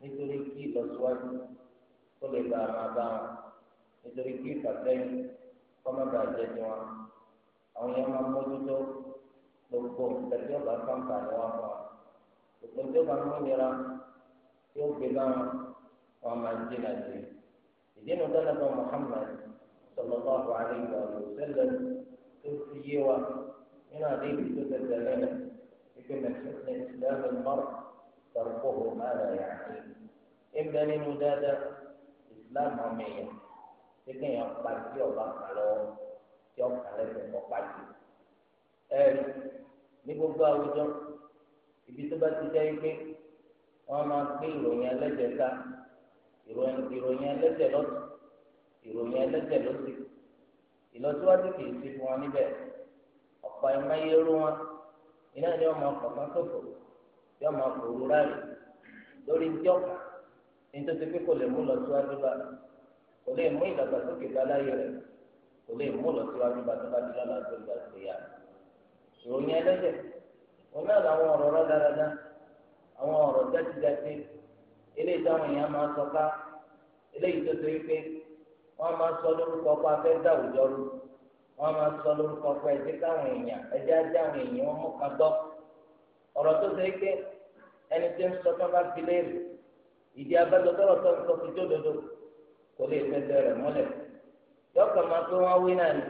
nítorí kí ìlọsíwájú kó lè bá àwọn abá wọn nítorí kí ìfàsẹ́yìn kọ́ má bàa jẹ́ tiwọn àwọn yẹn máa mójútó gbogbo ìtẹ̀tí ọba fáńfà ni wọ́n fọ́ gbogbo tí ó bá mú nira tí ó gbé bá wọn wọn máa ń dín àti ìdí nu tọ́lẹ̀bọ̀ Muhammad sallallahu alaihi wa sallam tó fi yé wa nínú àdéhùn tó tẹ̀sẹ̀ lẹ́nu ìpè mẹ́sàn-án ìsìlámù mọ́rọ̀. تركه ما لا يعنيه إما لمدادة إسلام عمية لكن يقبل في الله على يقبل لكن يقبل ẹ̀rí ní gbogbo àwùjọ ibi tó bá fún níbẹ̀ ọ̀pọ̀ wọn iná ni máa ma máa fòrò ráàyè lórí ńjọ́ nítorí pé kò lè mú lọ síwájú bá kò lè mú ìdàgbàsókè bá láyé rẹ̀ kò lè mú lọ síwájú bá tó bá di ya. ìròyìn ẹlẹ́dẹ̀ wọn náà làwọn ọ̀rọ̀ rọ dáadáa àwọn ọ̀rọ̀ jáde eléyìí táwọn èèyàn máa sọ ká eléyìí tó sọ lórúkọ dá rú wọ́n máa sọ lórúkọ ẹ̀jẹ̀ èèyàn ẹ̀jẹ̀ àwọn èèyàn wọn gbọ́. ọ̀rọ̀ tó ṣe é ké ẹni tí ń sọ tó bá fi léèrè ìdí abẹ́tọ̀ tọ̀rọ̀ tó ń sọ fi tó dodo kò lè fẹsẹ̀ rẹ̀ múlẹ̀ yọkàn máa pé wọ́n wí náà ni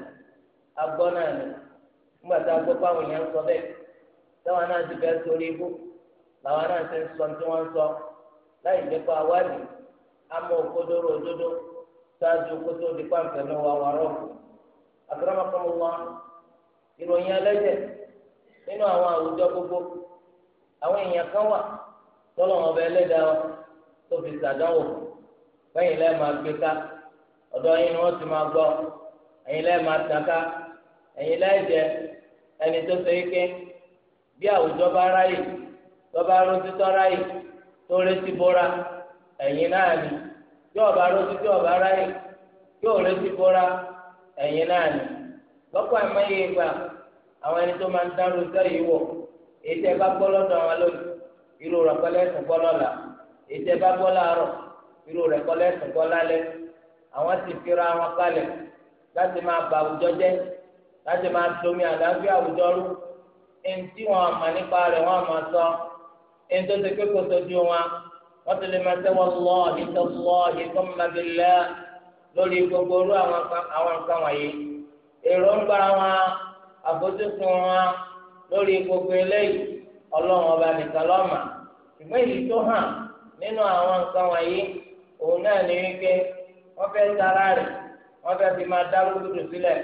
agbọ́ náà nígbà tá a gbọ́ èèyàn sọ bẹ́ẹ̀ táwọn náà ti bẹ́ẹ̀ sórí ibú làwọn náà ti ń sọ tí wọ́n ń sọ láì jẹ́ pé amọ̀ òkodoro òdodo nínú àwọn àwùjọ gbogbo àwọn èèyàn kan wà tọ́lọ́wọ́n ọba ẹlẹ́dàá wọn tó fi ṣàdánwò fẹ́yìn lẹ́ẹ̀ máa gbé ká ọ̀dọ̀ yín ni wọ́n ti máa gbọ́ ẹ̀yin lẹ́ẹ̀ máa tàn ká ike bí àwùjọ bá ráyè tó bá rójú tó ráyè tó retí bóra ẹ̀yin náà ni tí ọba tí ọba ráyè àwọn ẹni tó máa ń dárò sẹ́yìn wọ̀ èyí tẹ́ bá gbọ́ lọ́dọ̀ àwọn lónìí irú rẹ̀ kọ́ lẹ́sìn gbọ́ lọ́la èyí tẹ́ bá gbọ́ láàárọ̀ irú rẹ̀ kọ́ lẹ́sìn gbọ́ lálẹ́ àwọn sì fira wọn kalẹ̀ láti máa ba àwùjọ jẹ́ láti máa domi àlàáfíà àwùjọ rú ẹni tí wọn àmà nípa rẹ̀ wọn àmà sọ ẹni tó ti pé kò sojú wọn wọn ti lè máa sẹ́ wọ́n lọ́ ìtọ́ lọ́ ìtọ́ mọ́bìlẹ́ lórí gbogbo orú àwọn nǹkan wọ̀nyí èròǹgbà wọn. àfojúsùn wọn lórí gbogbo eléyìí ọlọ́run ọba nìkan lọ́mà ṣùgbọ́n èyí tó hàn nínú àwọn nǹkan wọ̀nyí òun náà ní wípé wọ́n fẹ́ tara rẹ̀ wọ́n fẹ́ fi máa dá sílẹ̀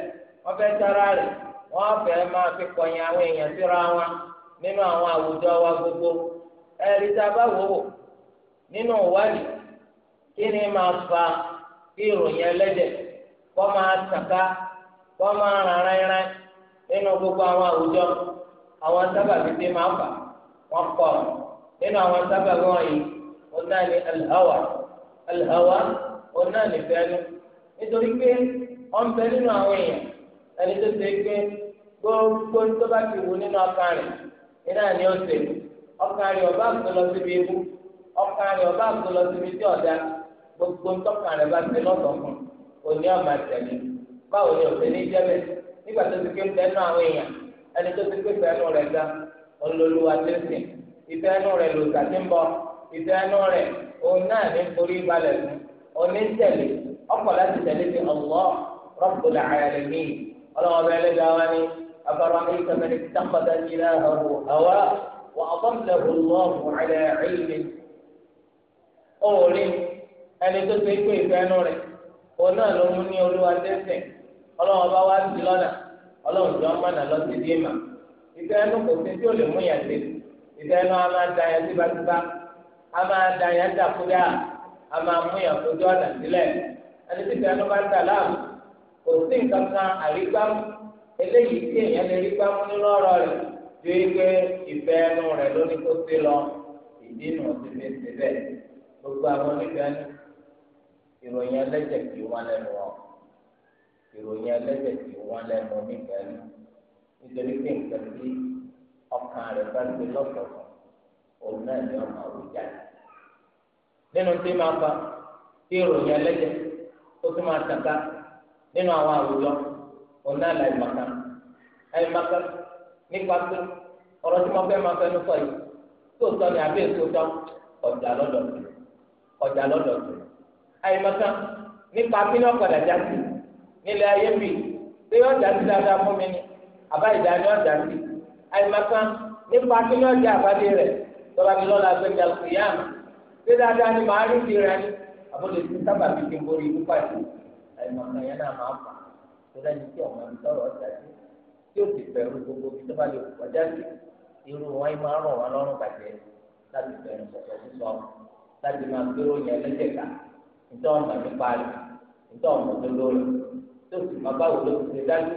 wọ́n fẹ́ tara rẹ̀ wọ́n fẹ́ máa fi kọ̀yìn àwọn èèyàn síra wọn nínú wa gbogbo ẹ̀rí tá a bá wò nínú ìwádìí kí ni máa fa kí ìròyìn ẹlẹ́dẹ̀ kọ́ máa tàka kọ́ máa nínú gbogbo àwọn àwùjọ àwọn sábàbí tí máa fà wọn pọ̀ nínú àwọn sábàbí wọ̀nyí wọn náà ní alhawa alhawa wọn náà ní fẹnu nítorí pé wọn bẹ nínú àwọn èèyàn ẹni tó ṣe pé gbogbo tó bá ti wù nínú ọkàn rẹ̀ nínú àní ọ̀sẹ̀ ọkàn rẹ̀ ọba àgbọlọ síbi ibú ọkàn rẹ̀ ọba àgbọlọ síbi tí ọdá gbogbo tọkàn rẹ̀ bá ti lọ́tọ̀ fún òní ọmọ àtẹlẹ báwo ni òfin ní jẹbẹ nígbà tó ti pé ń bẹnu àwọn èèyàn ẹni tó ti pé bẹnu rẹ ga olólùwà tó ń sìn ìfẹ́ ẹnu rẹ ló sàtí ń bọ ìfẹ́ ẹnu rẹ òun náà ní forí balẹ̀ fún òní tẹ̀lé ọkọ̀ láti tẹ̀lé ti Allah Rabbul Alamin ọlọ́wọ́ bẹ́ẹ̀ lé dáwà ní afárá ní kẹfẹ́rẹ́ ti tàkọ́tà ìlà hawa wà ọ̀bọ̀nlẹ̀ olùwọ́ọ̀mù ẹ̀rẹ́ ẹni tó ti pé ìfẹ́ ẹnu rẹ òun náà ló mú ní olúwa tẹ́sẹ̀ ọlọ́run bá wá sí lọ́nà ọlọ́run jọ mọ̀nà lọ sí bí mà ẹnu kò sí tí ò lè mú yẹn sí ìfẹ́ ẹnu a máa da yẹn síbáṣíbá a máa da yẹn dàkúdà a máa mú yẹn fojú ọ̀nà sílẹ̀ ẹni tí ẹnu bá ń láàmú kò sí nǹkan kan àrígbámú eléyìí tí èèyàn lè rí lọ ìdí nù sí gbogbo àwọn ìròyìn ẹlẹ́jẹ̀ kì í ìròyìn ẹlẹ́dẹ̀ tí wọ́n lẹ́nu nígbà yìí nítorí pé nǹkan tí ọkàn rẹ̀ bá gbé lọ́sọ̀ọ̀sọ̀ òun náà ni ọmọ àwùjá yìí. nínú tí máa fa tí ìròyìn ẹlẹ́dẹ̀ ó tún máa tàka nínú àwọn àwùjọ òun náà láì màkà láì màkà nípa pé ọ̀rọ̀ tí mo fẹ́ máa fẹ́ nípa yìí tó tọ́ ni àbí èso tán ọjà lọ́dọ̀ ọjà lọ́dọ̀ tó àyè màkà nípa pínlẹ̀ ọ̀padà já sí i nílẹ̀ ayé bì pé ọjà ti dáadáa fún mi ni àbá ìdá ni ọjà ti àyìnbákan nípa kí ni ọjà àbádé rẹ̀ tọ́ba ti lọ́la gbẹ̀jà kìyàm pé dáadáa ni màá rí ìdíra ni àbúrò ti sábà fi kí n borí ikú pàdé àyìnbákan yẹn náà máa fà tó lẹ́ni tí ọmọ mi tọrọ ọjà sí tí ó ti bẹ̀rù gbogbo bí tọ́ba lè kọjá sí irú wọn yìí máa rọ̀ wọn lọ́rùn bàjẹ́ láti bẹ̀rù sọ̀tọ̀ sísọ tó sì máa báwo ló ti ṣe dájú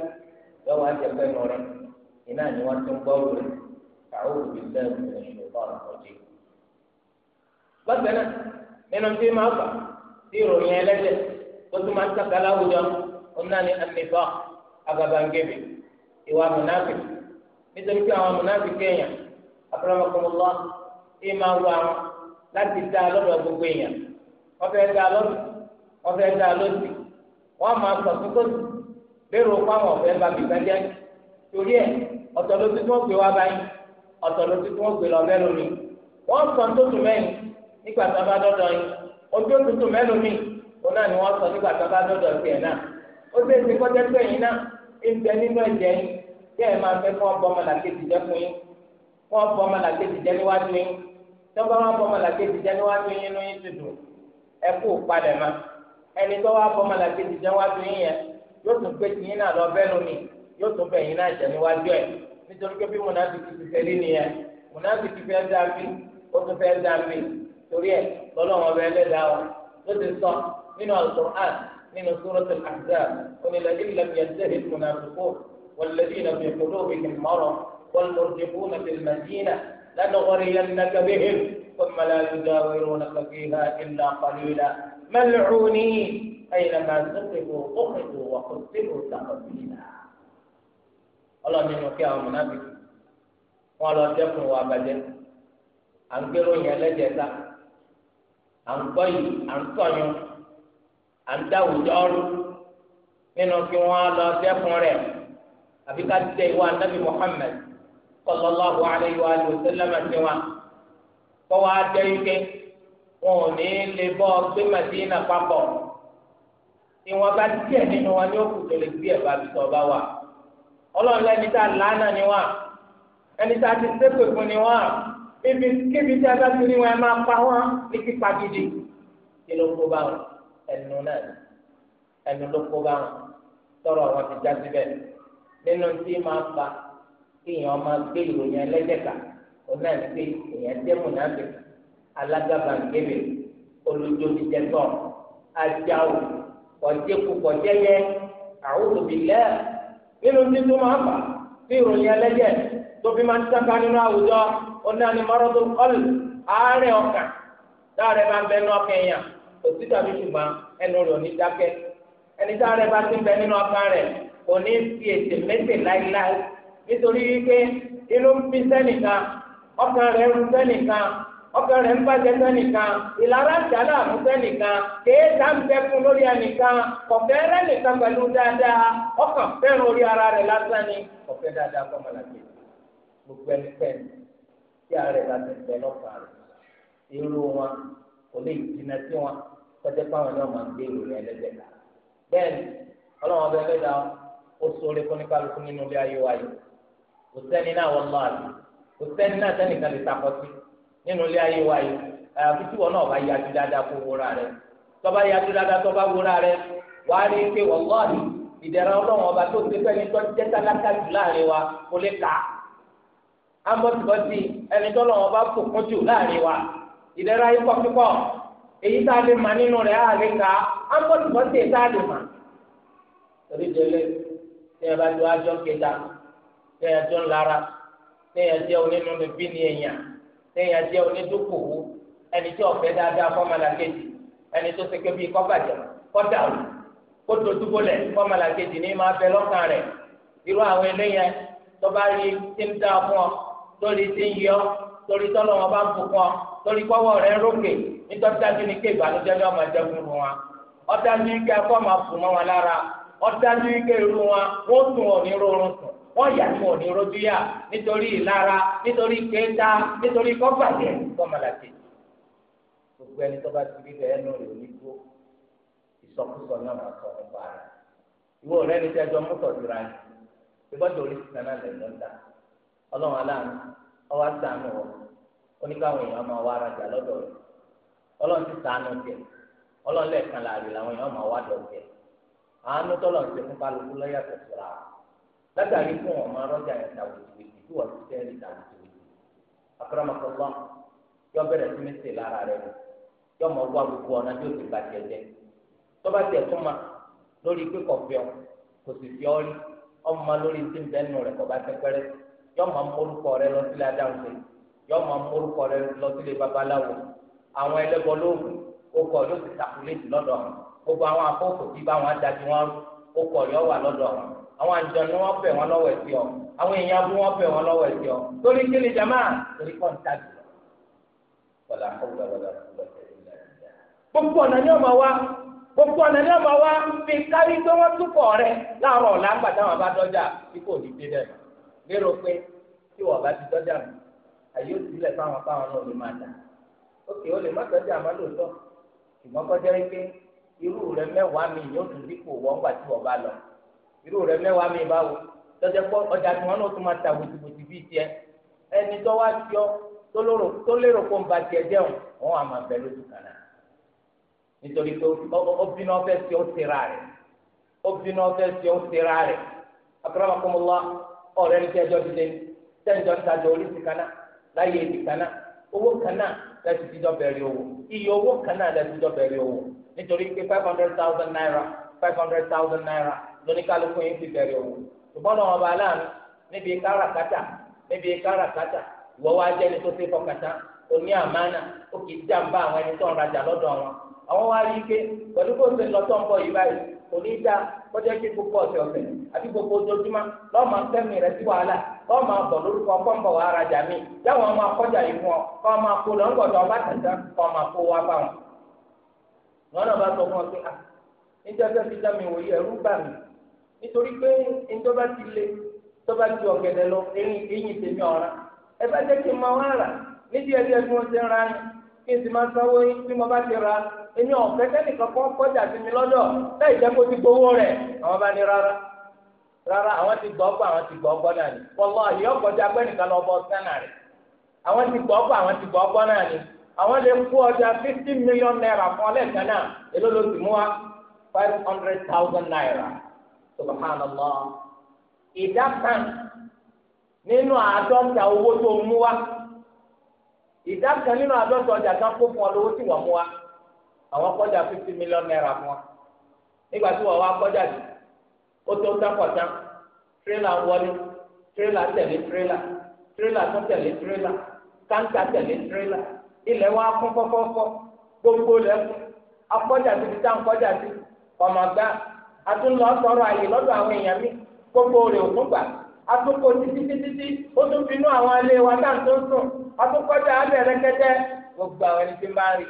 lọ́wọ́ àjẹpẹ́ nù rẹ̀ iná ni wọ́n ti ń gbọ́ rẹ̀ káwọ́ òbí lẹ́nu ìṣòro ọ̀nà ọ̀jẹ̀. bákan náà nínú tí máa fà sí ìròyìn ẹlẹ́dẹ̀ tó tún máa ń tàkà láwùjọ onáni ànífà agabangebe ìwà mùnáfì nítorí pé àwọn mùnáfì kéèyàn abúlọ́mọkùnmọ́lá ìmáa wà láti dá lọ́dọ̀ gbogbo èèyàn wọ́n fẹ́ dá lọ́dọ̀ wọ́n fẹ́ dá lọ́dọ̀ wọn máa sọ fún kóòtù lérò fáwọn ọ̀fẹ́ bá bìkan jẹ́ torí ẹ̀ ọ̀tọ̀ ló ti tún ó gbé wá báyìí ọ̀tọ̀ ló ti tún ó gbé lọ bẹ́ẹ̀ lómi wọ́n sọ tó tù mẹ́yìn nígbà tó bá dọ́dọ̀ yín ojú òtútù mẹ́lòmí òun náà ni wọ́n sọ nígbà tó bá dọ́dọ̀ tiẹ̀ náà ó sì ti kọ́jẹ́ pé yín náà ń bẹ nínú ẹ̀jẹ̀ yín kí ẹ̀ máa fẹ́ kí wọ́n bọ́ ọmọlàkejì fún yín kí wọ́n bọ́ ọmọlàkejì níwájú yín tí wọn bọ́ ọmọlàkejì jẹ́ níwájú yín inú yín ti ẹ kú padà máa ẹni tó wá fọmọ làkejì jẹ wájú yín yẹn yóò tún pé tiyín náà lọ bẹ́ẹ̀ lómi yóò tún bẹ̀yìn náà jẹ níwájú ẹ̀ nítorí pé bí mùnàfíkì ti fẹ́ lé nìyẹn mùnàfíkì fẹ́ dá ó tún fẹ́ dá torí ẹ̀ lọ́lọ́wọ́n bẹ́ẹ̀ lẹ́dàá ọ ló ti sọ nínú Al-Qur'an nínú Suratul Ahzab onílẹ̀ ilẹ̀ yẹtẹ̀ ìmùnàfíkò والذين ملعونين أينما سقطوا أخذوا وقتلوا تقتيلا الله من يوكي أو منافق ولا جفن وأبدا أنكروا يلجتا أنقي أنقيوا أنتوا جاروا nínú kí wọn lọ dẹkùn rẹ àbí ká tẹ ìwà nabi muhammed sallallahu alayhi wa sallam ti wa kọ́ wọn ò ní lè bọ́ gbé màdínà papọ̀ ìwọ̀n bá díẹ̀ nínú wọn ní òkú tó lè gbé ẹ̀bá bí bá wà ọlọ́run lẹ́ni tá a lánà ni wà ẹni tá a ti sépè fún ni wà ibi kíbi tí a bá ti rí wọn ẹ máa pa wọn ní pípa gidi kí ló kó bá wọn ẹnu náà ẹnu ló kó bá wọn tọrọ àwọn ti já síbẹ̀ nínú tí máa fa kéèyàn máa gbé ìròyìn ẹlẹ́dẹ̀ka òun náà pé èèyàn dẹ́mù náà bẹ̀rẹ̀ alágàbàǹgẹ̀bẹ̀ olùdókítẹ́tọ̀ ajáwò kọ̀jẹ́kù kọ̀jẹ́yẹ àwùjọ bìlẹ̀ nínú tí tó máa ń fà sí ìròyìn ẹlẹ́jẹ̀ tó fi máa ń tẹ́ka nínú àwùjọ onáni mọ́rọ́dún kọ́lù àárẹ̀ ọkàn dáàrẹ̀ bá ń bẹ nínú ọkàn èèyàn òsì tàbí ṣùgbọ́n ẹnu rẹ̀ ò ní dákẹ́ ẹni dáàrẹ̀ bá ti ń bẹ nínú ọkàn rẹ̀ kò ní fi ètè mẹ́tẹ̀ láíláí nítorí wípé inú ń bí sẹ́nìkan ọkàn rẹ̀ ń sẹ́nìkan ọkàn rẹ̀ ń bàjẹ́ sẹ́nìkan ìlara ń dàlá àmúsẹ́nìkan kéèta ń bẹ fún lórí ẹnìkan kọ̀fẹ́ rẹ̀ nìkan pẹ̀lú dáadáa ọkàn fẹ́ràn orí ara rẹ̀ lásán ni kọ̀fẹ́ dáadáa kọ́ mọ̀láṣẹ́ gbogbo ẹni pẹ́ẹ́n tí ara rẹ̀ lásán ń bẹ lọ́kàn rẹ̀ irú wọn kò lè jìnnà sí wọn pẹ́tẹ́ fáwọn náà máa ń gbé ìròyìn ẹlẹ́dẹ̀ ká bẹ́ẹ̀ni ọlọ́run ọbẹ̀ ẹlẹ́dàá ó sóore fún nípalùkù nínú ilé ayé wa kò sẹ́ni náà wọ́n lọ́ àlè kò sẹ́ni náà sẹ́nìkan lè takọ́ sí nínú ilé ayé wa yìí àyàfi tí wọn náà bá yájú dáadáa kó wúra rẹ tọba yájú dáadáa tọba wúra rẹ wàá rí i pé wàláhì ìdẹ̀ra ọlọ́run ọba tó ti pẹ́ ní tó jẹ́ tálákà jù láàrin wa kó lè kà á ambọ̀tìbọ̀tì ẹni tó lọ́wọ́ bá fòkun jù láàrin wa ìdẹ̀ra ikọ̀ kíkọ̀ èyí tá a lè mà nínú rẹ̀ á lè kà á ambọ̀tìbọ̀tì tá a lè mà. torí délé ní ẹ bá do ajọ́ kẹta ní ẹ jọ ńlára ní ẹ jẹ́ onínú bíbí ní ẹ̀yàn kéèyàn jẹ́ onídókòwò ẹni tí ọ̀fẹ́ dáadáa fọ́mọlàkejì ẹni tó seke bíi kọ́bàjẹ́ kọ́dàrú kó dojúbolẹ̀ fọ́mọlàkejì ní máa bẹ lọ́kàn rẹ̀ irú àwọn eléyẹn tó bá rí tí ń dáa fún ọ torí tí ń yọ torí tọ́lọ̀ wọn bá bù fún ọ torí kọ́wọ́ rẹ̀ rókè nítorí dájú ni ké ìbànújẹ́ ni wọ́n máa fún wọn ọ̀dájú ike akọ́ máa fún wọn lára ọ̀dájú ike irú wọn wọ́n sùn wọn ní rọrùn sùn ọ̀yà ya wọn ò ní rojú yá nítorí ìlara nítorí kéta nítorí kọ́fàdé kọ́mọlàkè gbogbo ẹni tó bá ti rí bẹ́ẹ̀ nù rẹ̀ onígbó ìsọkúsọ náà máa sọ nípa rẹ̀ ìwọ rẹ̀ ní tẹ́jọ́ mọ́tò dira ni ìgbọ́dọ̀ orí sísan náà lẹ̀ lọ́dà aláàánú oníkàwọn èèyàn máa wá arajà ti láàrin làwọn èèyàn máa wá àánú ń látàrí fún wọn máa rọjà ní tàwùtìwìtì tí wọn ti tẹ́lẹ̀ tàwùtìwìtì àkàràmọ̀kọ́lá yọ bẹ̀rẹ̀ sí ní sè lára rẹ yọ mọ wá gbogbo ọ̀nà tí ó ti bàjẹ́ jẹ tọ́ba tẹ̀ tún ma lórí pé kọ̀fíọ́ kò sì fi ọ́ rí ọmọ lórí tí ń bẹ́ nù rẹ̀ kọ̀ba tẹ́ pẹ́rẹ́ yọ mọ mórúkọ rẹ lọ sílé adáhùnsẹ̀ yọ mọ mórúkọ rẹ lọ sílé babaláwo àwọn ẹlẹ́bọ lóògùn ó kọ̀ ló ti sàkúlẹ̀ lọ́dọ̀ àwọn gbogbo àwọn akọ́kọ̀ tí bá adájú wọn ó kọ̀ yọ wà lọ́dọ̀ àwọn àwọn àjọyọ̀ wọn bẹ̀ wọn lọ́wọ́ ẹ̀sìn ọ àwọn èèyàn abú wọn bẹ̀ wọn lọ́wọ́ ẹ̀sìn ọ torí kí ni jama torí kọ́ ń ta jù lọ. wàlà àkọ́wé wàlà àkọ́wé gbogbo ọ̀nà ni ọmọ wa gbogbo ọ̀nà ni ọmọ wa fi kárí pé wọ́n túkọ̀ rẹ láàárọ̀ ọ̀la ńgbà táwọn bá dọ́jà tí kò ní dé dẹ̀ lérò pé tí wọ́n bá ti dọ́jà mi àyè ó sílẹ̀ fáwọn fáwọn náà ló máa dà ókè ó lè má dọ́jà má lóòótọ́ ṣùgbọ́n kọjá pé irú rẹ mẹ́wàá mi yóò dípò wọ́n gbà tí wọ́n bá lọ irú rẹ mẹ́wàá mi báwo tọ́jà pọ̀ ọjà tí wọ́n náà tún máa ta wòtìwòtì bíi tiẹ̀ ẹni tó wá sí ọ tó lérò kó ń ba tiẹ̀ jẹun wọn wà máa bẹ lójú kan náà nítorí pé obìnrin ọ̀fẹ́ sí ó sera rẹ̀ obìnrin ọ̀fẹ́ sí ó sera rẹ̀ akramakumullah ọ̀rẹ́ ní tẹ́jọ́ dídé tẹ́jọ́ ń tajà oríṣi kan náà láyé ibi kan owó kan náà tíjọ́ bẹ̀rẹ̀ owó iye owó kan náà tíjọ́ bẹ̀rẹ̀ owó nítorí pé five hundred thousand naira five hundred thousand naira lóníkálukú yín ti bẹ̀rẹ̀ òwò ṣùgbọ́n náà ọba aláàánú níbi káràkátà níbi káràkátà ìwọ wá jẹ́ ẹni tó ṣe fọkàtà oní àmánà ó kì í jàǹbá àwọn ẹni tó ń rajà lọ́dọ̀ wọn àwọn wá rí i pé pẹ̀lú bó ṣe ń bọ̀ yìí báyìí kò ní í dá kọjá kí gbogbo ọ̀sẹ̀ ọ̀sẹ̀ àti gbogbo ojoojúmọ́ fẹ́mi rẹ sí wàhálà bọ̀ lórúkọ wà jáwọn yìí fún ọ kọ́ ọba tẹ̀sán kọ́ nítorí pé ntọ́ba ti le tọ́ba ju ọ̀gẹ̀dẹ̀ lọ eyín eyín tèmi ọ̀ra ẹ bá jẹ́ kí n máa wá rà nídìí ẹ̀rí ẹ̀rí wọn ti ń ra kí n sì máa sanwó bí mo bá ti ra èmi ọ̀fẹ́ kẹ́nìkan kọ́ kọjá sí mi lọ́dọ̀ láì jẹ́ kó ti gbowó rẹ̀ àwọn bá ní rárá rárá àwọn ti gbọ́ àwọn ti gbọ́ náà ni pọ̀lọ́ àyè ọ̀kọ́jà gbẹ́nìkan lọ bọ́ ti gbọ́ àwọn subhanallah ìdá kan nínú àádọ́ta owó tó mú wa ìdá kan nínú àádọ́ta ọjà kan kó fún ọ lówó tí wọ́n mú wa àwọn kọjá fifty million naira wa nígbà tí wọ́n wá kọjá jù ó tó tírélà wọlé tírélà tẹ̀lé tírélà tírélà tó tẹ̀lé tírélà káńtà tẹ̀lé tírélà ilẹ̀ gbogbo akọjá tá sí àtúnlọ sọ̀rọ̀ àyè lọ́dọ̀ àwọn èèyàn mi gbogbo rẹ̀ òkú gbà àtúnkò títí títí ó tún fi inú àwọn ilé wa dá tó ń sùn àtúnkọjá abẹ́rẹ́ kẹ́tẹ́ gbogbo àwọn ẹni tí ń bá rí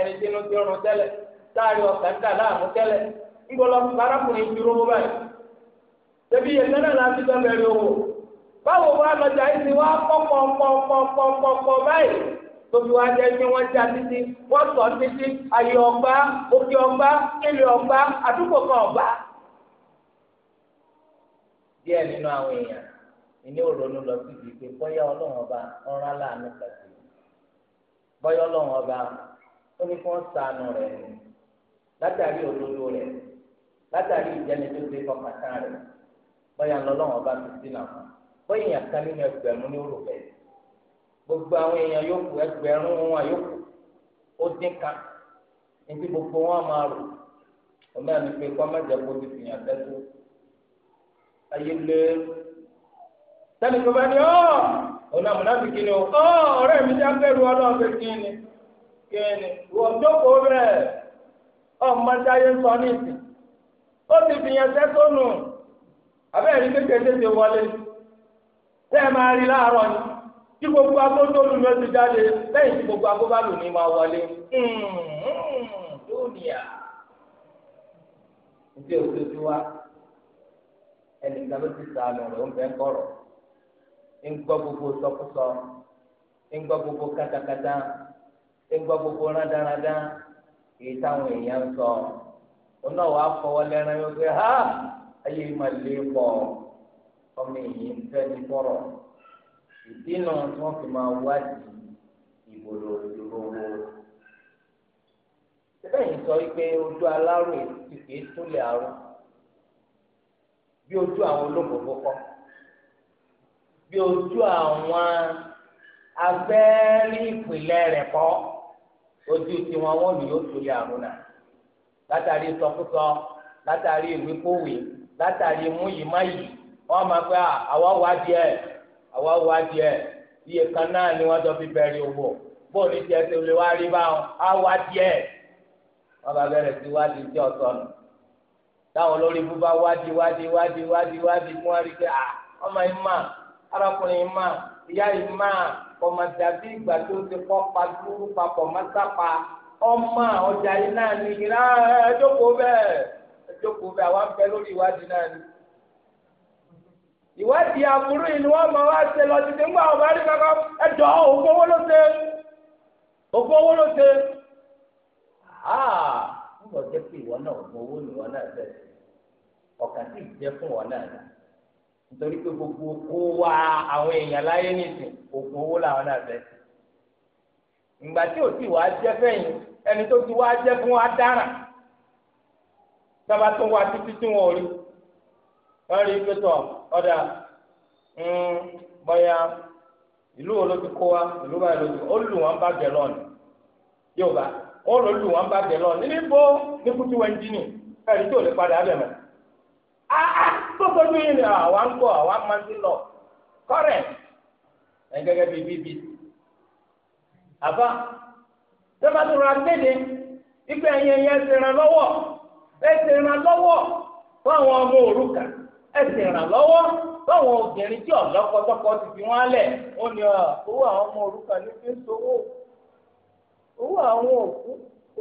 ẹni tí inú ti rún tẹ́lẹ̀ sáàrí ọkàn tà láàmú tẹ́lẹ̀ arákùnrin báyìí náà láti owó báwo wá tóbi wá jẹ́ pé wọ́n já títí wọ́n sọ títí ayé ọgbà òkè ọgbà ilé ọgbà àdúgbò kan ọgbà. díẹ̀ nínú àwọn èèyàn ìní òrònú lọ sí ibi pé bọ́yá ọlọ́run ọba ọ̀ràn láàánú kàtí bọ́yá ọlọ́run ọba ó ní kí wọ́n sànù rẹ̀ látàrí òdodo rẹ̀ látàrí ìjẹni tó ṣe kọkàtà rẹ̀ bọ́yá ọlọ́run ọba ti sí nàá bọ́yá ìyàn kan nínú ẹgbẹ̀rún ní òrùbẹ̀rẹ̀ gbogbo àwọn èèyàn yòókù ẹgbẹ̀rún wọn yòókù ó dín kan níbi gbogbo wọn máa rò ọmọ ẹni pé kọ́ mẹ́jẹ kó ti fi hàn ayé lé bikini tó bá ní ọ́ ọ̀nà àmúnáfíkì ni ó ọ̀rẹ́ mi ti abẹ́rù ọlọ́run pé kí ni kí ni wọ́n jókòó rẹ̀ ayé sọ ní ìsìn ó ti fi hàn nù abẹ́rẹ́ tí gbogbo agbó tó lù lọ sí jáde lẹ́yìn tí gbogbo agbó bá lù ní máa wọlé hmm, hmm, dúnìá ìdí òṣèlú wa ẹnìkan ló ti gbogbo sọkúsọ ń gbogbo ń gbogbo èyí táwọn èèyàn sọ wàá fọwọ́ lẹ́ran yóò ha ayé ìmàlẹ́ pọ̀ ọmọ èyí ń fẹ́ ní kọ̀rọ̀. náà tí wọn fi máa wádìí ìbòlò ìrorò. Ṣébẹ̀ yìí sọ wípé ojú alárò ti kìí túlẹ̀ àrùn bí ojú àwọn olókòókò kọ́ bí ojú àwọn abẹ́rẹ́ ìpìlẹ̀ rẹ̀ kọ́ ojú tiwọn wọn ni yóò túlẹ̀ àrùn náà látàrí sọkúsọ látàrí ìwé kówè látàrí múyìmáyì wọn máa fẹ́ àwọn wádìí ẹ̀. àwa wá díẹ̀ iye kan náà ni wọ́n jọ fi bẹ̀rẹ̀ owó bóòlù tiẹ̀ ti lè wá rí báwọn á wá díẹ̀ wọ́n bá bẹ̀rẹ̀ sí wádìí tí ọ̀tọ̀ nù táwọn olórí ibú bá wádìí wádìí wádìí wádìí wádìí fún wa rí pé à ọmọ yìí mà arákùnrin yìí mà ìyá yìí mà ọmọ dàbí ìgbà tó ti kọ́ pa dúró papọ̀ mọ́sápa ọmọ ọjà yìí náà ní ìrà ẹjọ́kọ̀ọ́ bẹ́ẹ̀ ẹjọ́kọ̀ọ́ bẹ́ẹ̀ àwọn abẹ lórí ìwádìí náà ní ìwádìí aburú yìí ni wọ́n máa wá ṣe lọ títí ńgbà ọ̀gá rí kankan ẹ̀dọ́ ògbó ló ṣe ló ṣe. jẹ́ pé ìwọ náà ògbó ìwọ náà ṣe ọ̀kà fún náà nítorí pé gbogbo kó wa àwọn èèyàn láyé nìsín làwọn wọ́n rí pé tọ̀ ọ̀dà bọ́yá ìlú wo ló ti kó wa ìlú báyìí ló ti kó bá yóò bá ó lọ lù wọ́n bá ní kútu káyọ̀ tí ò lè padà bẹ̀ mọ́. Ah, ah, gbogbo ní ìlú àwa ń àwa ń lọ bíi àwọn ọmọ ẹsẹ̀ ìrànlọ́wọ́ báwọn obìnrin tí ọ̀lọ́kọ̀tọ́kọ ti fi wọ́n lẹ̀ ó ní owó àwọn ọmọ òrukàn ní fi ń sowó owó àwọn òkú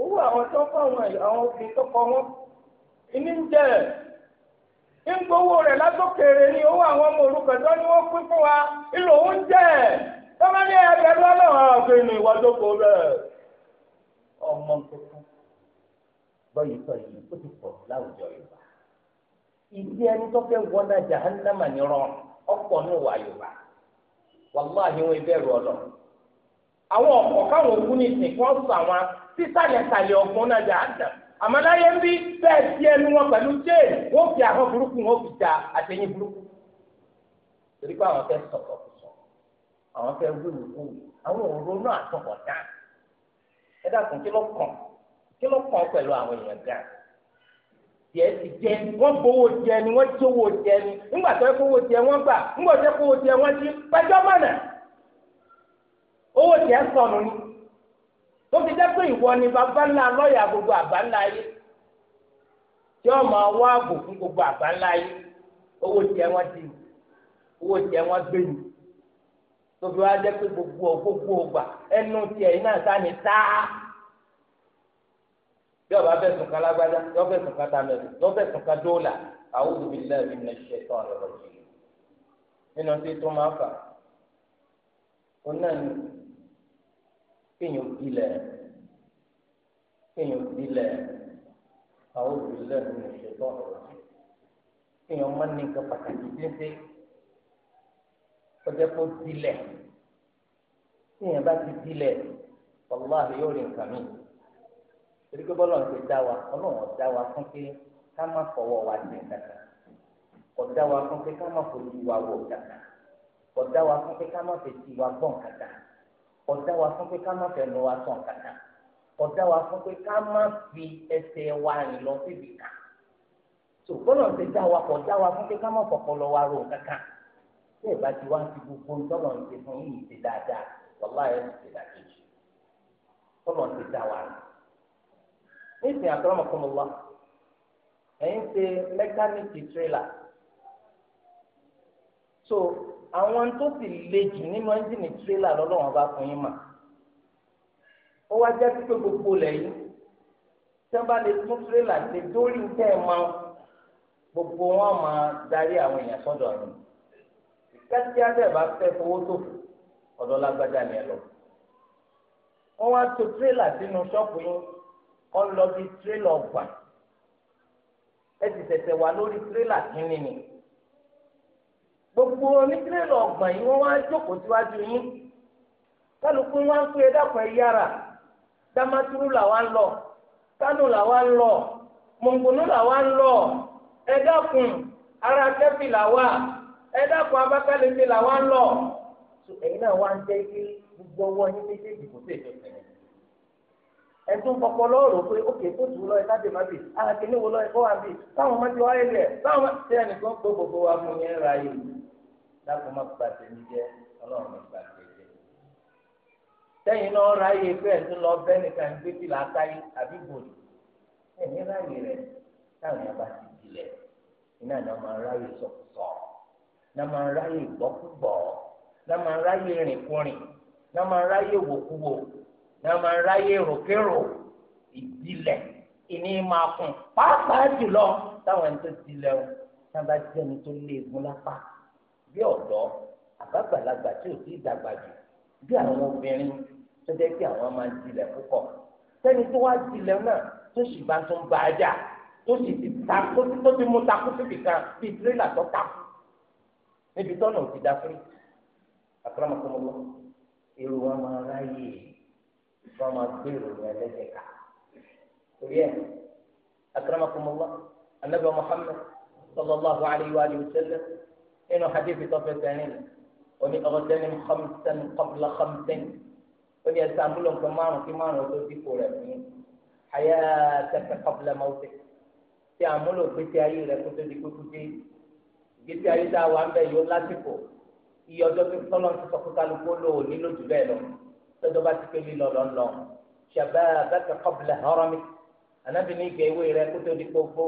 owó àwọn tó ń fáwọn àwọn obìnrin nje wọn ìní ń jẹ ń gbowó látòkèrè ní owó àwọn ọmọ tó ní wa ìlò ń jẹ tọ́lá ní ẹgbẹ́ ọ̀gbìn ní ọmọ tuntun bọ́yìí ìdí ẹni tó fẹ́ wọnà jahannama ní rọrùn ọ̀pọ̀ ní wà yorùbá wàláhì wọn ìbẹ̀rù ọ̀lọ́ àwọn ọ̀pọ̀ káwọn òkú ní ìsìn kí wọ́n sọ àwọn sísàlẹ̀sàlẹ̀ ọ̀gbọ́n náà jahannam àmàláyé ń bí bẹ́ẹ̀ sí ẹnu wọn pẹ̀lú wọ́n fi àwọn burúkú wọn fi ja àtẹ̀yìn burúkú torí pé àwọn fẹ́ sọ̀tọ̀ àwọn fẹ́ wúlò àwọn náà àtọ̀kọ̀ dá ẹ dákun kí ló kàn kí tiẹ̀ ti jẹ wọn gbowó jẹ ni wọn jówó jẹ ni ńgbà tó kówó jẹ wọ́n gbà ńgbà tó kówó jẹ wọ́n jí pẹjọ́ mọ̀nà owó tiẹ̀ sọnù ni tó fi pé ìwọ ni bàbá ńlá lọ́ọ̀yà gbogbo ńlá yìí tí máa wá fún gbogbo ńlá yìí owó ti owó tiẹ̀ wọ́n gbé ni tó fi wá pé gbogbo gbogbo ọgbà bí ọba fẹ̀sùn kan lágbájá yọ fẹ̀sùn kan tamẹlú yọ fẹ̀sùn kan dóòlà a'udhu billahi minash shaitani rajim nínú tí tó máa fà ó náà ní kéèyàn bilẹ kéèyàn bilẹ a'udhu billahi minash shaitani rajim kéèyàn má ní nǹkan pàtàkì déédéé kọjá kó bilẹ kéèyàn bá ti bilẹ wàláhì yóò rí nǹkan torí pé bọ́lá ti dá wa ọlọ́run ọ̀dá wa fún pé ká má fọwọ́ wa sí kàkà ọ̀dá wa fún pé ká má fojú wa wò kàkà ọ̀dá wa fún pé ká má fetí wa gbọ́n kàkà ọ̀dá wa fún pé ká má fẹnu wa sàn kàkà ọ̀dá wa fún pé ká má fi ẹsẹ̀ wa rìn lọ síbi kà tó bọ́lá ti dá wa ọ̀dá wa fún pé ká má fọpọlọ wa rò kàkà tí ìbá ti wá ti gbogbo tọ́lọ̀ ti fún yìí ti dáadáa wàlá ẹ̀ ti ti dàkejì tọ́lọ̀ ti dá wa rìn nísìnyí àtọ́rọ́mọ̀kọ́mọ́wá ẹ̀yin ṣe mẹkáníìkì tírélà so àwọn tó sì le jù nínú ẹ́ńjìnì tírélà lọ́lọ́wọ́n bá fún yín mà ó wá jẹ́ pípé gbogbo lẹ́yìn tí wọ́n bá lè tún tírélà ṣe dórí ń tẹ́ ẹ̀ máa gbogbo wọn máa darí àwọn èèyàn sọ́dọ̀ ọ̀hún kẹ́tí adẹ́ bá fẹ́ fowó tó ọ̀dọ́ lágbájá ni ẹ lọ wọ́n wá tó tírélà sínú ṣọ́ọ̀bù yín ọlọ bí tírélà ọgbà ẹ ti tẹ̀tẹ̀ wà lórí tírélà kínní ni gbogbo ní tírélà ọgbà yìí wọ́n wá jókòó síwájú yín kálukú wọn pé ẹ dákun ẹ yára dámátúrú làwa ń lọ kánú làwa ń lọ mọ̀nkùnú làwa ń lọ ẹ dákun ara kẹ́fì làwa ẹ dákun abákálẹ́sẹ̀ làwa ń lọ ẹ̀yin náà wá ń jẹ́ kí gbogbo ọwọ́ yín méjèèjì kò sí ìjọsìn. ẹtún kọkọ lọrọ pé oke kóòtù lọ ẹka ma má bì alákìíní wo lọ ẹkọ wa bì táwọn máa ti wáyé lẹ táwọn máa ti gbogbo wa mú yẹn ra yìí dákun má gba tèmi jẹ Ọlọ́run má gba tèmi jẹ. náà pé lọ nìkan gbé bí àbí bòlì táwọn bá ti iná máa máa máa rìnkúrìn máa ní wọn máa ń ráyè ròkèrò ìdílẹ̀ ìní máa kún pàápàá jùlọ táwọn ẹni tó dilẹ̀ o náà bá jẹ́ ẹni tó lé egun lápá bí ọ̀dọ́ àbábàlagbà tí ò sí ìdàgbà jù bí àwọn obìnrin tó jẹ́ kí àwọn máa dilẹ̀ púpọ̀ sẹ́ni tó wá dilẹ̀ náà tó sì bá tó ń bá a jà tó sì ti ta tó ti mú takú síbi kan bíi tírélà tó takú níbi tọ́nà ò ti da fún àkàrà mọ́tò mọ́tò èrò wọn máa ráyè kí wọ́n máa gbé ìròyìn ẹlẹ́jẹ̀ ká torí ẹ̀ akramakumullah anabi muhammed sallallahu alayhi wa sallam nínú hadith tọ́fẹ́ sẹ́yìn oní ọ̀gọ́sẹ́ni khamsan qabla khamsin oní ẹ̀sán àmúlò nǹkan márùn kí márùn tó dìpọ̀ rẹ̀ fún yín hayataka qabla mawtik tí àmúlò gbèsè ayé rẹ̀ kó tó di kó tó dé gbèsè ayé tá a wà ń bẹ̀ yóò lásìkò iye ọjọ́ tó tọ́lọ́ ti sọ kó lò ó nílò jù bẹ́ẹ̀ lọ tọ́jọ́ bá ti pé lílọ lọ́nlọ́ shababaka qabla haramik ànábì ní ìgbà ewé rẹ kó tó di gbogbo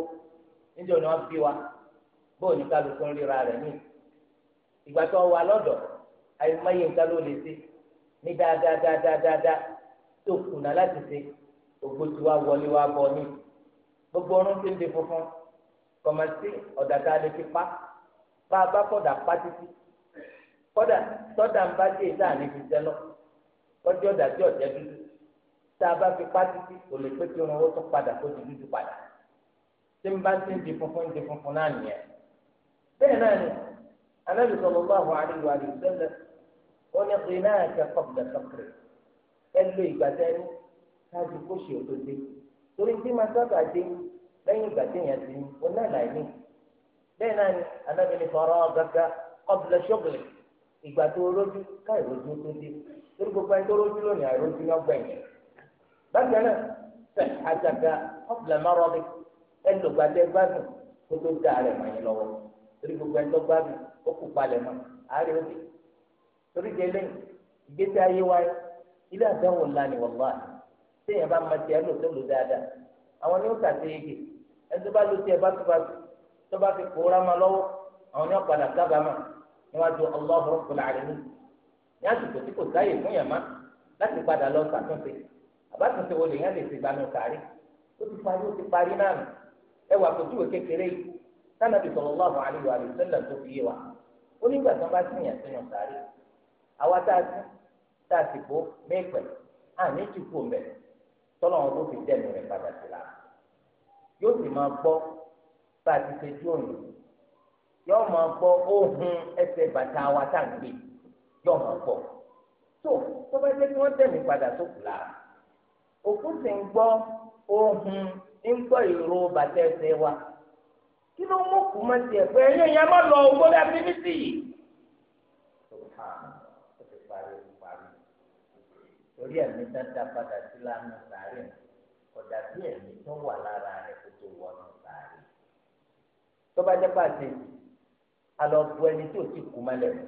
níjẹ́ òní wọ́n bí wa bóò ní kálukú ń ríra rẹ̀ ní ìgbà tó wà lọ́dọ̀ àìmọye nǹkan ló lè ṣe ní dáadáa dáadáa dáadáa tó kùnà láti ṣe ògbó tí wàá wọlé wàá bọ̀ ní gbogbo ọrùn tí ń di funfun kọ̀mọ̀sí ọ̀dà lè fi pa bá a bá kọ̀dà pa títí kọ́dà tọ́dà ń bá dé ìta àníbi jẹ́ náà kọjọ dàbí ọjẹ dúdú tá a bá fi pátítí kò lè pé kí irun ó tún padà kó di dúdú padà tí n bá ti ń di funfun ń di funfun náà nìyẹn bẹ́ẹ̀ náà ni anábì sallallahu alaihi wa sallam ó ní pé náà ṣe kọbìlẹ sọkìrì ẹ lo ìgbà tẹ káàdì kó ṣe òtó dé torí bí máa sábà dé lẹ́yìn ìgbà téèyàn ti ní ó náà láì ní bẹ́ẹ̀ náà ni anábì ní fọrọ gàgà kọbìlẹ ṣọkìrì ìgbà tó rójú káì torí gbogbo ẹni tó lójú lónìí àìrójú ní ọgbà ẹ̀yìn bákan náà fẹ àjàgà ọ̀bùlẹ̀ márọ́bì ẹlògbàdé gbádùn kó tó dá rẹ̀ mọ̀ yín lọ́wọ́ torí gbogbo ẹni tó gbádùn ó kú palẹ̀ mọ́ àárẹ̀ òbí torí délé ìgbésí ayé wáyé ilé àdáwò ńlá ni wọ́n wá téèyàn bá máa tiẹ̀ lò tó lò dáadáa àwọn ni ó tà sí igi ẹni tó bá lò tiẹ̀ bá tó tó bá fi kóra ma lọ́wọ́ àwọn ni wọ́n padà ní àsìkò tí kò sáyè fún yàmá láti padà lọ sàtúnṣe àbátúnṣe wo lèèyàn lè ti gbanú sàárì ó ti parí ó ti parí náà nù ẹ wà kò tíwèé kékeré yìí sanabi sallallahu alaihi wa sallam tó fi yé wa ó nígbà tí wọn bá sìn yàn sínú sàárì àwa tá a sìn tá a sì bó mẹ́pẹ̀ àní ti kú mbẹ tọ́lọ̀ wọn tó fi dẹ́nu rẹ̀ padà sí la yóò sì máa gbọ́ bá a ti ṣe dúró yìí yóò máa gbọ́ ohun ẹsẹ̀ bàtà wa tá à gbé yìí yọ ọmọ pọ̀ tó tó bá jẹ́ kí wọ́n tẹ̀mí padà tó kù lára òkú sì ń gbọ́ ohun ń gbọ́ ìró bàtẹ́ ẹsẹ̀ wa kí ló mú kú má tiẹ̀ pé ẹ̀yìn ẹ̀yà má lọ owó lábí ní sí yìí. torí ẹ̀mí dáadáa padà sí lánà sàárẹ̀ ọ̀dà bí ẹ̀mí tó wà lára rẹ̀ kó tó wọnú sàárẹ̀. tó bá pàṣẹ alọ́ bu ẹni tí ti kú mọ́lẹ̀ mọ́.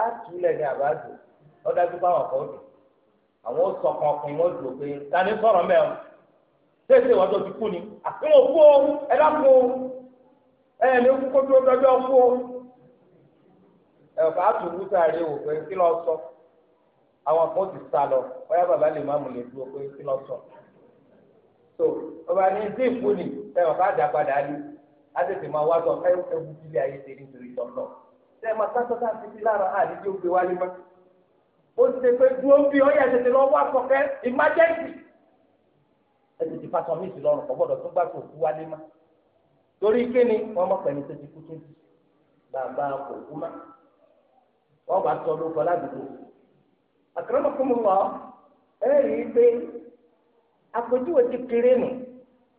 á túlẹ̀ ní àbájọ ọ̀dájú bá wọn kọ́ dùn àwọn sọ̀kan ọkùnrin wọn dùn pé ta ni sọ̀rọ̀ mẹ́rin tẹ́sí wọn tó ti kú ni àfihàn kú o ẹ dákú o ẹ ní kú kó tó dọjọ́ kú o ẹ ò bá tún wúsàárẹ̀ wò pé kí lọ sọ àwọn kan ti sá lọ bóyá bàbá lè má mú lè dúró pé kí lọ sọ so ọba ní sí ìkú ni ẹ ò bá dà padà ní á tètè máa wá sọ ẹ ẹ wú sílé ayé ṣe nítorí tọ́lọ́ ṣe é máa sátọ́ tá a ti fi lára àdé tí ó gbé wálé mọ́. ó ti ṣe dúró bí ọyà tètè lọ wá emergency. ẹ ti ti fasọ mí sí lọrùn kọ gbọ́dọ̀ tó gbà tó kú wálé mọ́. torí kíni wọn mọ pẹ̀lú tó ti kú tó ti bàbá kò kú mọ́. wọn bá tọ ló kọ ládùúgbò. àkàràmọ̀ fún mi wọ ẹ rí i pé àpèjúwe ti kéré nù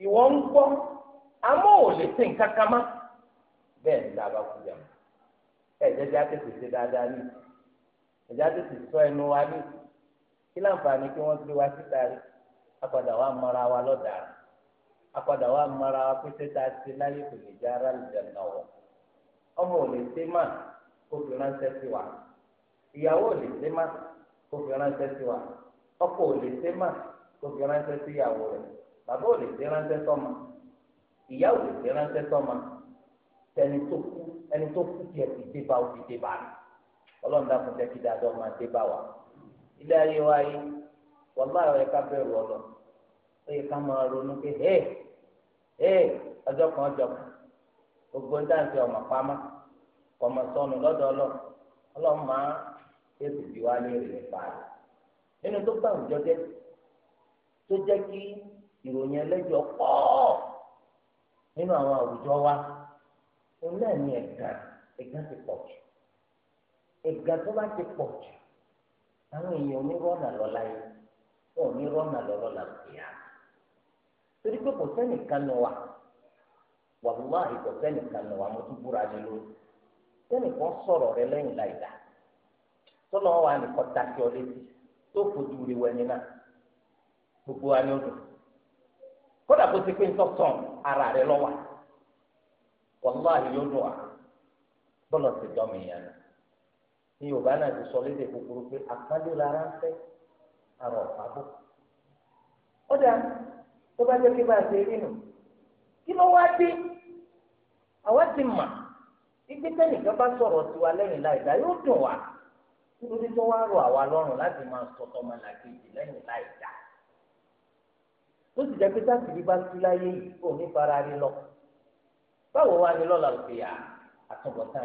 ìwọ ń gbọ́ àmọ́ lè sìn kankan mọ́ bẹ́ẹ̀ ni bàbá kú jẹun. ẹ̀jẹ̀ já tètè ṣe dáadáa ní ẹ̀jẹ̀ já sọ ẹnu wa ní kí láǹfààní kí wọ́n gbé wa síta rí wa mara wa loda apàdà wa mara wa pété tá a ṣe láyé kò lè já ara lè dẹ̀nà wọ̀ ọmọ ò lè ṣe kó fi ránṣẹ́ sí wa ìyàwó ò lè ṣe má kó fi ránṣẹ́ sí wa ò lè kó fi tẹni tó kú ẹni tó kú tiẹ̀ ti dé bá òbí dé bá a ọlọ́run dàpọ̀ jẹ́ kí dáadọ́ máa dé bá wa ilé ayé wa yìí wọ́n bá ọ̀rẹ́ ká bẹ̀rù ó yẹ ká máa ronú pé ọjọ́ kan ọjọ́ kan gbogbo ọmọ pamọ́ ọmọ sọnù lọ́dọ̀ ọlọ́run máa bí wá ní nínú tó bá jẹ́ tó jẹ́ kí ìròyìn ẹlẹ́jọ́ pọ̀ nínú àwọn àwùjọ wa. òun náà ní ẹ̀gàn ẹ̀gàn ti pọ̀ jù ẹ̀gàn tó bá ti pọ̀ jù àwọn èèyàn onírọ́nà lọ́la yìí wọn ò ní rọ́nà lọ́rọ́ làbíyá torí pé kò sẹ́nìkan nù wa wàlúwàhì kò sẹ́nìkan nù wa mo tún búra ní lórí sẹ́nìkan sọ̀rọ̀ rẹ lẹ́yìn láìda tọ́lọ́ wa nìkan dákẹ́ ọ létí tó fojú rí wẹ́ni náà gbogbo wa ni ó dùn kódà kó ti pé ntọ́sán ara rẹ lọ́wọ́ wàláhì yóò dùn à bọ́lọ̀ ti dọ́ mi yẹn ní yorùbá náà ti sọ lédè kúkúrú pé àpọ́nlé lára ń fẹ́ àrò ọ̀pábò ó dáa tó bá jẹ́ kí bá a ṣe rí nù kí ló wá dé àwa ti mà ibi tẹ́nìkan bá sọ̀rọ̀ tiwa lẹ́yìn láìda yóò dùn wá nítorí tó wá rọ àwa lọ́rùn láti máa sọ̀tọ̀ mọ́làkejì lẹ́yìn láìda ó sì jẹ́ pé sátìrí bá tú láyé yìí kò ní fara rí lọ. báwo wá ní lọ́la òkèèyà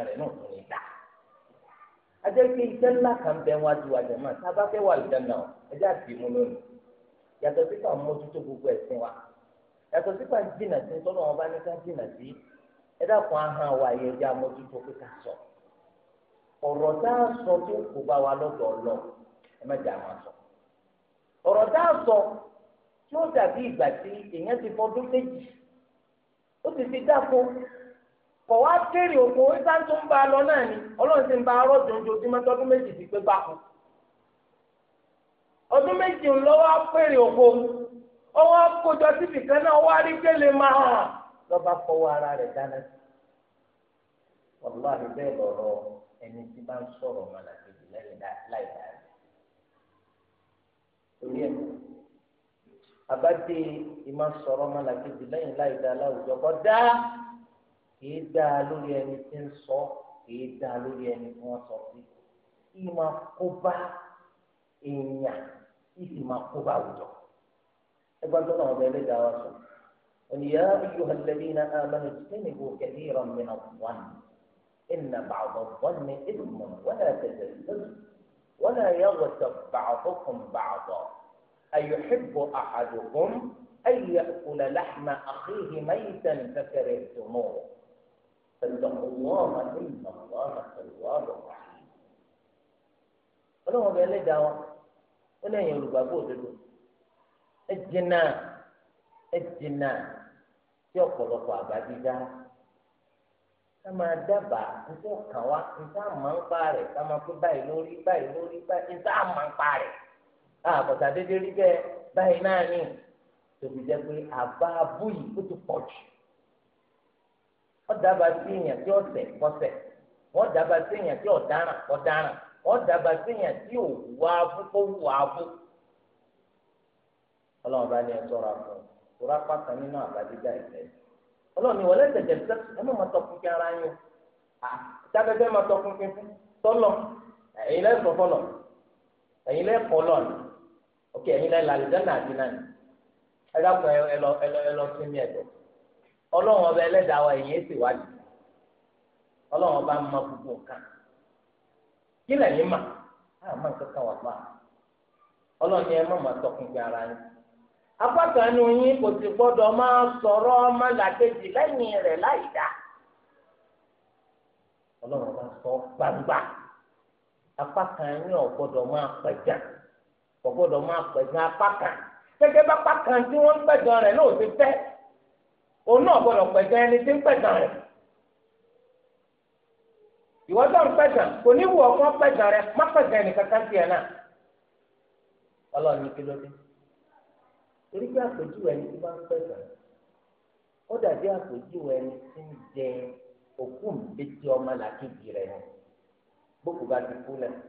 rẹ̀ náà dà iṣẹ́ ńlá kan bẹ àjẹ́ máa tá a bá fẹ́ wà gbogbo ẹ̀sìn wa yàtọ̀ sí káwọn sí tọ́lọ́ wọn bá ní ká sí ẹ sọ ọ̀rọ̀ a sọ tó kò bá wa lọ́dọ̀ ọlọ́ ẹ má jà sọ ọ̀rọ̀ tá a sọ dàbí ìgbà tí èèyàn ti fọdún méjì ó ti fi dáko kọ̀ wá kéré òkú ìta tó ń bá a lọ náà ni ọlọ́run ti ń bá arọ́ jòjò tí mẹ́tọ́dún méjì ti pé gbàkú ọdún méjì ńlọ́wọ́ kéré òkú ọwọ́ kójọ síbi kan náà wá rí kélé máa hàn lọ́ba fọwọ́ ara rẹ̀ dáná wàlúwàlú bẹ́ẹ̀ lọ́rọ̀ ẹni tí bá ń sọ̀rọ̀ mọ́lá kejì lẹ́yìn láì dáa àbádé ìmọ̀ sọ̀rọ̀ ọmọlàkejì lẹ́yìn láì dá láwùjọ kọ́ dá kìí dá lórí ẹni tí ń sọ kìí dá lórí ẹni tí wọ́n sọ sí ìmọ̀ kóbá èèyàn ìsìmọ̀ kóbá àwùjọ. ẹgbẹ́ tó náà ọbẹ̀ ẹlẹ́dàá wa sọ oníyà ayuha alladhina amanu ijtanibu kathiran min adh-dhanni inna ba'da adh-dhanni ithmun wa la tazalzalu wa la yaghtab ba'dukum ba'da. أيحب أحدكم أن يأكل لحم أخيه ميتا فكرهتموه فاتقوا الله إن الله تواب رحيم ọlọ́wọ́n bẹ ẹlẹ́dàá wọn ó lẹ́yìn olùgbàgbọ́ òdodo ẹ jìnnà ẹ jìnnà tí ọ̀pọ̀lọpọ̀ àgbàdídá ká máa dábàá nítorí kàn wá àkọ́tà dédé rí bẹ́ẹ̀ báyìí náà ní tòbí jẹ́ pé àbá abúyí ó ti pọ̀ jù wọ́n dábàá sí èèyàn tí ọ̀sẹ̀ kọsẹ̀ wọ́n dábàá sí èèyàn tí ọ̀daràn wọ́n dábàá sí èèyàn tí òwú abú kó wù abú ọlọ́run bá ní ra fún un kóra pàtàkì nínú ma tọkùn kí ara yín o ok ẹ̀yin lẹ la àlùjáná na náà ẹ dákun ẹ lọ ẹ lọ ẹ lọ sí mi ọba Ẹlẹ́dàá wa ẹ̀yin èsì wájú Ọlọ́run ọba mọ gbogbo nǹkan kí lẹ́yìn mà á má nǹkan kan wà pa Ọlọ́run ni ẹ má má tọkùn ara yín yín kò sì máa sọ̀rọ̀ ọmọ làkejì lẹ́yìn rẹ̀ láì ọba sọ gbangba yín kò gbọ́dọ̀ máa pẹ̀sán apá kan gẹ́gẹ́ bá apá kan tí wọ́n ń pẹ̀sán rẹ̀ náà ti fẹ́ òun náà gbọ́dọ̀ pẹ̀sán ẹni tí ń pẹ̀sán rẹ̀ ìwọ tó ń pẹ̀sán kò ní wù ọkọ pẹ̀sán rẹ̀ má pẹ̀sán ẹni kankan tiẹ̀ náà ọlọ́run kí ló dé torí pé àpèjúwe ẹni tí wọ́n ń pẹ̀sán ó dàbí àpèjúwe ẹni tí ń jẹ òkú mbẹ́tì ọmọ làkejì rẹ̀ gbogbo bá ti kú lẹ́nu.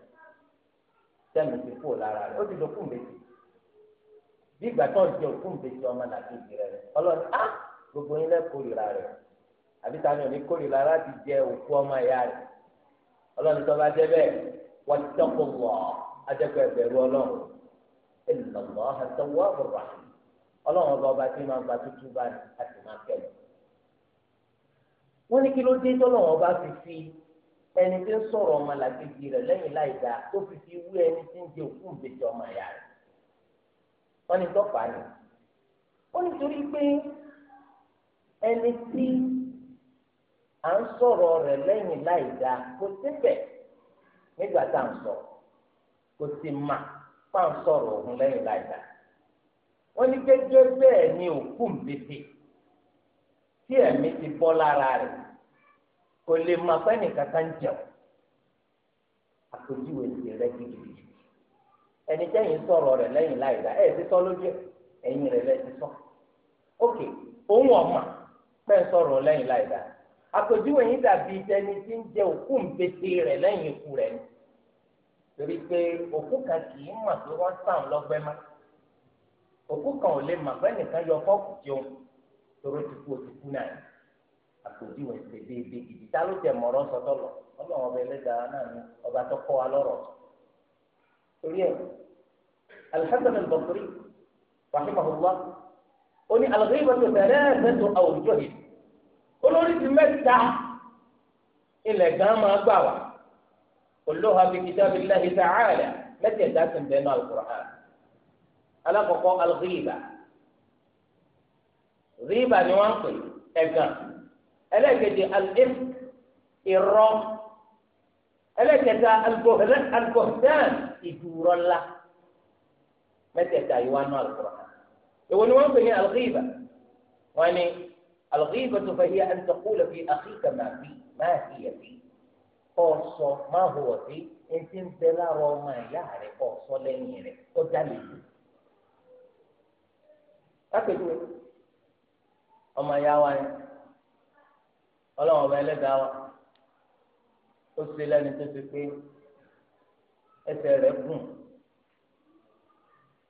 tẹ́mi ti kúrò lára rẹ̀ ó ti dòkú mbèsì bí ìgbà tó ń jẹ òkú mbèsì ọmọ làkejì rẹ̀ á gbogbo yín lẹ́ kórìíra rẹ̀ àbí ta ni ò ní láti jẹ òkú ọmọ ìyá rẹ̀ tó bá bẹ́ẹ̀ wọ́n ti tọ́kọ̀ wọ̀ adẹ́kọ̀ ẹ̀bẹ̀rù ọlọ́run ìlànà àtọwọ́ ọ̀rọ̀ ọlọ́run ọba ọba tí máa gba tútù bá ní àti kẹ́lẹ̀ wọ́n ní kí ló dé ẹni tí ń sọ̀rọ̀ ọmọ làkejì rẹ̀ lẹ́yìn láì dáa tó fi fi wú ẹni tí ń jẹ òkú ìbejì ọmọ ìyá rẹ̀ wọ́n ní tọ́pàá ni ó nítorí pé ẹni tí à ń sọ̀rọ̀ rẹ̀ lẹ́yìn láì dáa kò síbẹ̀ nígbà tá à ń sọ kò sì mà pa ń sọ̀rọ̀ òun lẹ́yìn láì dáa wọ́n ní gẹ́gẹ́ bẹ́ẹ̀ ni òkú ìbejì tí ẹ̀mí ti bọ́ lára rẹ̀. kò lè máa fẹ́ nìkan ká ń jẹun àpèjúwe ti rẹ gidigidi ẹni tẹ́yìn sọ̀rọ̀ rẹ̀ lẹ́yìn láìda ẹ̀ ti sọ lójú ẹ̀yìn lẹ́ ti sọ ok òun ọ̀mà fẹ́ sọ̀rọ̀ lẹ́yìn láìda àpèjúwe yín dàbí tẹni tí ń jẹ òkú ńbete rẹ̀ lẹ́yìn ikú rẹ̀ ni torí pé òkú kan kì í mà pé wọ́n sàn lọ́gbẹ́ má òkú kan ò lè àpèjúwe ṣe déédéé ìdí tá ló tẹ mọ̀rọ̀ sọ́tọ̀ lọ ọlọ́run ọba ẹlẹ́dàá náà ni ọba tó kọ́ wa lọ́rọ̀ torí ẹ̀ Al-Hasan al-Basri rahimahullah ó ní al-ghibatu thalathatu àwùjọ yìí olórí ti mẹ́ta ilẹ̀ gan máa gbà wá kulluha fi kitabillahi ta'ala mẹ́tẹ̀ẹ̀dá sì ń bẹ́ẹ̀ al-Qur'an alákọ̀ọ́kọ́ al-ghiba ghiba ni wọ́n ń pè ẹ̀gàn. ألا يجد الإفك الرم ألا البهران البهتان يدور الله متى تايوان ما القرآن يقول نوانك هي الغيبة يعني الغيبة فهي أن تقول في أخيك ما في ما هي في أوصو ما هو في إن تنت لا روما يعني أوصو لنيني أجلي أكيد أما يا وانك ọlọ́run ọba ẹlẹ́dàá wa ó ṣe lẹ́ni tó ṣe pé ẹsẹ̀ rẹ̀ gùn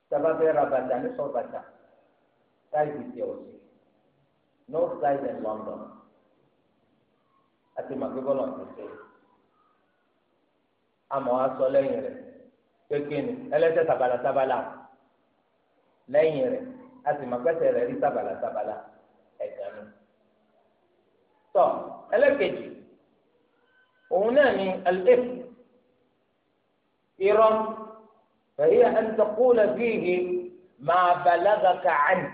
sábàbẹ́ ra bàtà ní sọ bàtà sáìsì tiẹ̀ ò sí no size London àti màgbébọ́lọ̀ tó ṣe àmọ́ aṣọ lẹ́yìn rẹ̀ kékeré ni ẹlẹ́sẹ̀ lẹ́yìn rẹ̀ àti màgbẹ́sẹ̀ rẹ̀ rí ẹ̀gbẹ́ tọ ẹlẹ́kejì òun náà ni alif irọ́ èyí àtẹkùnlẹ̀ fíìhì máa bàlágà kàánì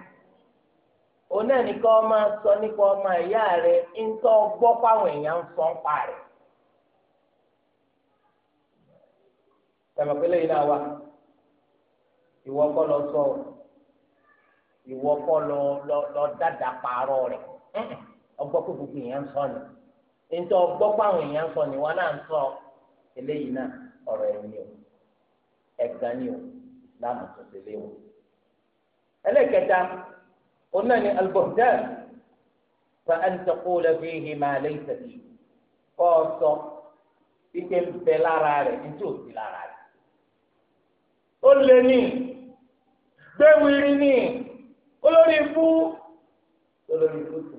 òun náà ni kọ́ máa sọ nípa ọmọ ìyá rẹ̀ ń tọ́ gbọ́ fáwọn èèyàn ń sọ ń pa rẹ̀. tẹmẹpẹlẹ yìí náà wà ìwọ kọ́ lọ sọ ìwọ kọ́ lọ lọ lọ dáadáa pààrọ̀ rẹ̀ ọgbọ́ pé gbogbo èèyàn ń sọ ni nítorí ọgbọ́ pé àwọn èèyàn ń sọ ni wọn náà ń sọ eléyìí náà ọ̀rọ̀ ẹ̀yìn o ẹ̀gán ni o láàmú tó ti léwu. ẹlẹ́kẹta òun náà ni albuhdan fa an taqula fihi ma laysa fihi kọ́ ọ sọ ike ń bẹ lára rẹ̀ nítorí òsì lára rẹ̀. ó lé ní gbẹ́wìrì ní olórí ikú olórí ikú tó.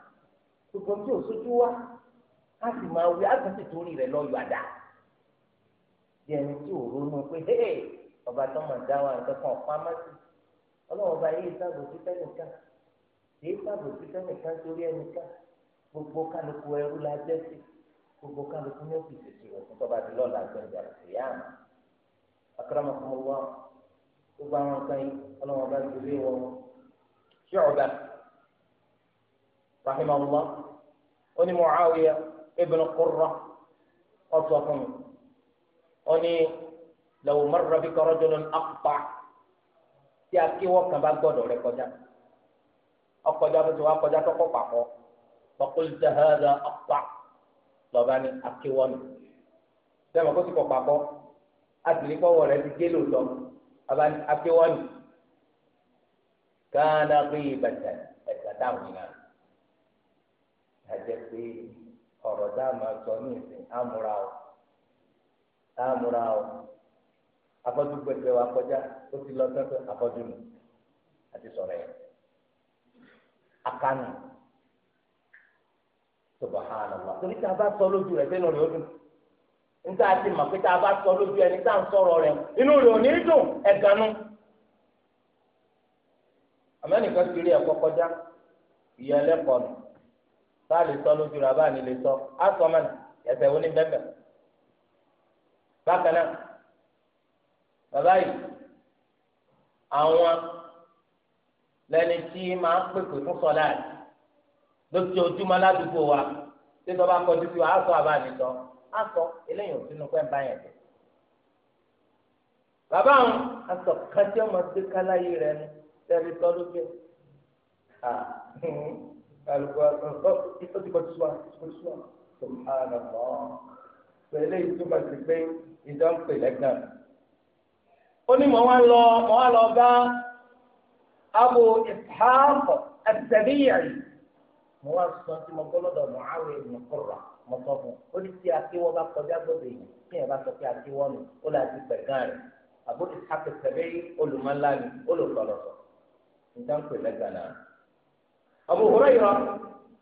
gbogbo tí ò sójú wa á sì máa wí á sì ti torí rẹ̀ lọ́ọ́ yọ àdá bí ẹni tí ò ronú pé hey ọba tó mọ̀ dá wa nǹkan kan pamọ́ sí ọlọ́wọ́ ọba yìí sábò sí tẹ́nìkan yìí sábò sí tẹ́nìkan torí ẹnìkan gbogbo kálukú ẹrú la jẹ́ sí gbogbo kálukú ní òkè tètè òkú tọ́ba ti lọ́ọ̀la gbẹ̀ǹdà ìyá àná akọ́nàmọ́kọ́mọ́ wa gbogbo àwọn nǹkan yìí ọlọ́wọ́ ọba ti lé wọn رحمه الله أني معاوية ابن قرة أصفهم أني لو مر بك رجل أقطع تأكي وكما قدر لكجا أقجا بسوا أقجا تقطع فقلت هذا أقطع طبعا أكي ون لما قلت قطع أتلقى ولد جلو لهم أبان أكي ون كان غيبة أتتاوني àjẹ pé ọ̀rọ̀ tá máa sọ ní ìsìn àmúra o àmúra o afọ́jú kọjá ó ti lọ sẹ́sẹ́ afọ́jú nù àti sọ̀rọ̀ yẹn akánu subahánàlá torí tá a bá sọ lójú rẹ̀ sínú rẹ̀ ó dùn níta ti mọ̀ pé a bá sọ lójú ẹni ń sọ̀rọ̀ inú ò ní dùn ẹ̀gànnú àmọ́ ẹnìkan ti rí ẹ̀kọ́ kọjá bá a lè sọ lójú rẹ bá a lè sọ á sọ mọ ẹsẹ wo ní bẹbẹ bákan náà bàbá yìí àwọn lẹni tí máa ń pèpè fún sọlá yìí lójoojúmọ́ ládùúgbò wa tí tọ́ bá kọjú sí wa á sọ àbá nìtọ́ á sọ eléyìí ò sínú pẹ́ńpá yẹn tó. bàbá àwọn aṣọ kájọ́ máa gbé káláyé rẹ ní tẹ́lifíṣọ́ lókè kálukú ọ ìtọ́ ti kọ́ ti sùn àti ti sùn sùhánà mọ́ pẹ̀lẹ́ ìtumọ̀ sí pé ìdánpẹ̀ lẹ́gàn. ó ní mọ̀ wá lọ mọ̀ wá lọ bá Abu Ishaq As-Sabi'i mo wá sọ tí mo gbọ́dọ̀ mọ̀ àwọn èèyàn kọ̀rọ̀ mo sọ fún un ó ní Abu Ishaq As-Sabi'i olùmọ̀lá ni olùkọ́lọ́sọ ìdánpẹ̀ lẹ́gàn náà abu hurayra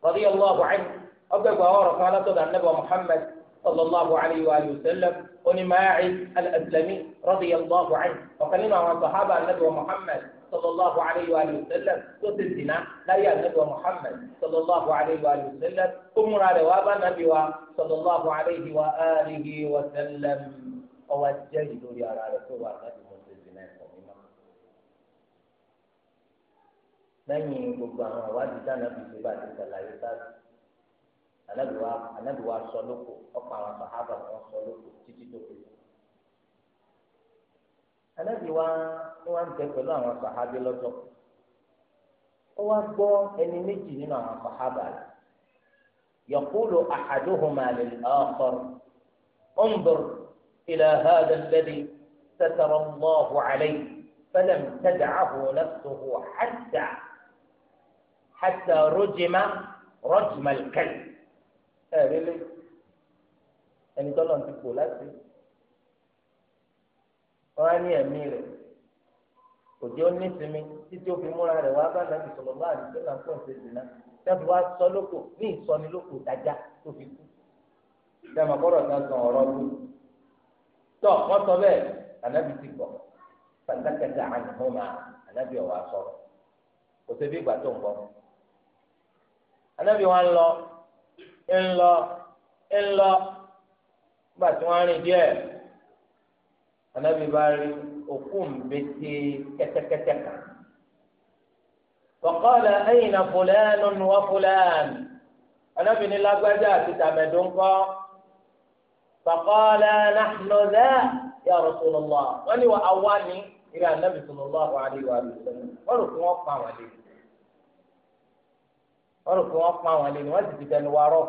radiyallahu anhu ọgbẹgbẹ ọ̀rọ̀ kan látọ̀dọ̀ anabi muhammad sallallahu alayhi wa sallam onímàáci al-aslami radiyallahu anhu ọ̀kan nínú àwọn sahaba anabi muhammad sallallahu alayhi wa sallam tó ti dìnnà láyé anabi muhammad sallallahu alayhi wa sallam ó múra rẹ̀ wá bá nàbí wa sallallahu alayhi wa alihi wa sallam ọwọ́ jẹ́ ìdórí ara rẹ̀ tó wà nàbí. lẹ́yìn gbogbo àwọn àwádìí tí anabi ṣe bá ti sàlàyé sáàbì anabi wa sọ lóko ọ̀pọ̀ àwọn sàhábà wọn sọ lóko títí tó fi anabi wa ni wọn ń tẹ pẹ̀lú àwọn sàhábì lọ́tọ̀ ó wá gbọ́ ẹni méjì nínú àwọn sàhábà rẹ̀ yaqulu ahaduhuma lil-akhar unzur ila hadha alladhi satara Allahu alayhi falam tad'ahu nafsuhu hàtà rọ́jìmá rọ́jìmá kẹ́lì ẹ̀ rẹ́lẹ́ ẹni tọ́lọ̀ ti kò láti wọ́n á ní ẹ̀mí rẹ̀ òjò nísìmí títí ó fi múra rẹ̀ wá bá nàbì sọ̀rọ̀ bá àdúgbò náà pọ̀ ṣe dìnnà tẹ́bù wá sọ lóko ní ìsọni lóko dájá tó fi kú dẹ́mọ̀ kọ́rọ̀ náà sọ ọ̀rọ̀ lù tọ́ wọ́n sọ bẹ́ẹ̀ ànábì ti gbọ́ pàtàkì àti àyànfọ́ máa ànábì ọ̀wá sọ̀rọ̀ kò sí bí ìgbà tó ń bọ̀ anábì wọn lọ ńlọ ńlọ nígbà tí wọn rìn díẹ̀ anábì bá rí òkú mbete kẹ́tẹ́kẹ́tẹ́ kan kọkọlẹ ẹ̀yìn na fúlẹẹnu wọ fúlẹẹnu anábì ní lágbájá àti tàmẹdùn kọ kọkọlẹ nàḥnọdẹ ya Rasulullah wọn ni wọn awa ni ìrẹ anábì sallallahu alaihi wa sallam wọn rò fún wọn pa wọn lé. wọ́n rò pé wọ́n pa àwọn lé ni wọ́n sì ti tẹnu wa rọ́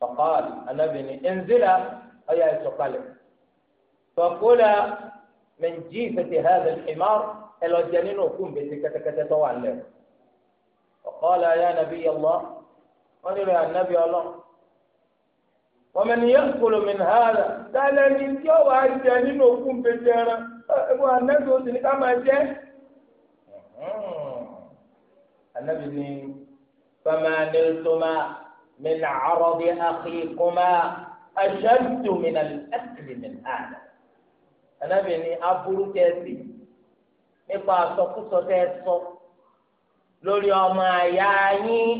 fọ̀kọ́ọ̀lì anábìnrin ẹnzílà ọ̀yà ìsọ̀kalẹ̀ fọ̀kúlà mẹ̀njí ìfẹ̀tẹ̀ hàzẹ̀ ìmọ̀ ẹ lọ jẹ nínú òkú mbẹ́sẹ̀ kẹ́tẹ́kẹ́tẹ́ tó wà lẹ̀ fọ̀kọ́ọ̀lì ayé anabi yẹ lọ wọ́n nílò anabi ọlọ́ wọ́n mẹ́ni yẹ kúlò mí hàzẹ̀ dáadáa ní tí ọ anabi ni fama niltuma min arọbi akikuma aṣáájú min alẹ́kìlì min àná anabi ni aburú kẹsì nípa àsọkúsọ tẹ sọ lórí ọmọ àyà yín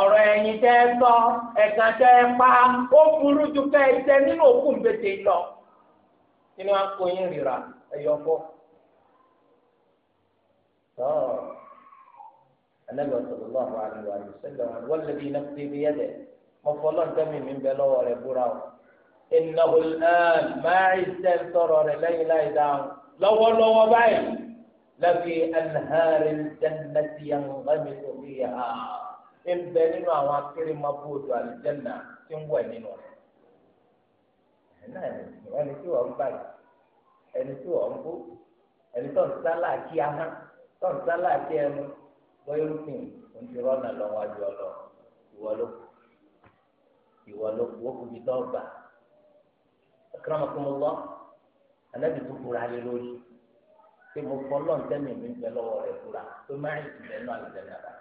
ọ̀rọ̀ ẹ̀yin tẹ́ sọ ẹ̀kan tẹ́ pa ó burú ju ká ẹ nínú òkú gbèsè lọ kí ni wọ́n á yín rira ẹ̀yọ̀ bọ̀ anabi sallallahu alaihi wa sallam walladhi nafsi biyadihi mo fọlọ́ ntẹ́mi mi bẹ lọ́wọ́ rẹ̀ búra o innahu al-an máa ń sẹ́ sọ̀rọ̀ rẹ̀ lẹ́yìn láì dáhùn lọ́wọ́lọ́wọ́ báyìí lafi anhari jannati yanghamisu fiha ń bẹ nínú àwọn akéré mabó odò àlùjẹ́nà tí ń wẹ̀ nínú rẹ̀ náà ni ẹni tí wọ́n ń báyìí ẹni tí wọ́n ń bú ẹni tó ń sálà kí ahán tó ń sálà kí ẹnu bọ́yọ̀rùpìn òǹtìrọ́nà lọ́wọ́ àjọ ọlọ ìwọ ló kù ìwọ ló kù ó kù bí dọ́gba akramakumullah anabi tó kura lé lórí pé mo fọ lọ́ntẹ́mì mi bẹ lọ́wọ́ rẹ̀ kura pé má yìí ti bẹ̀ náà lẹ́nu àbá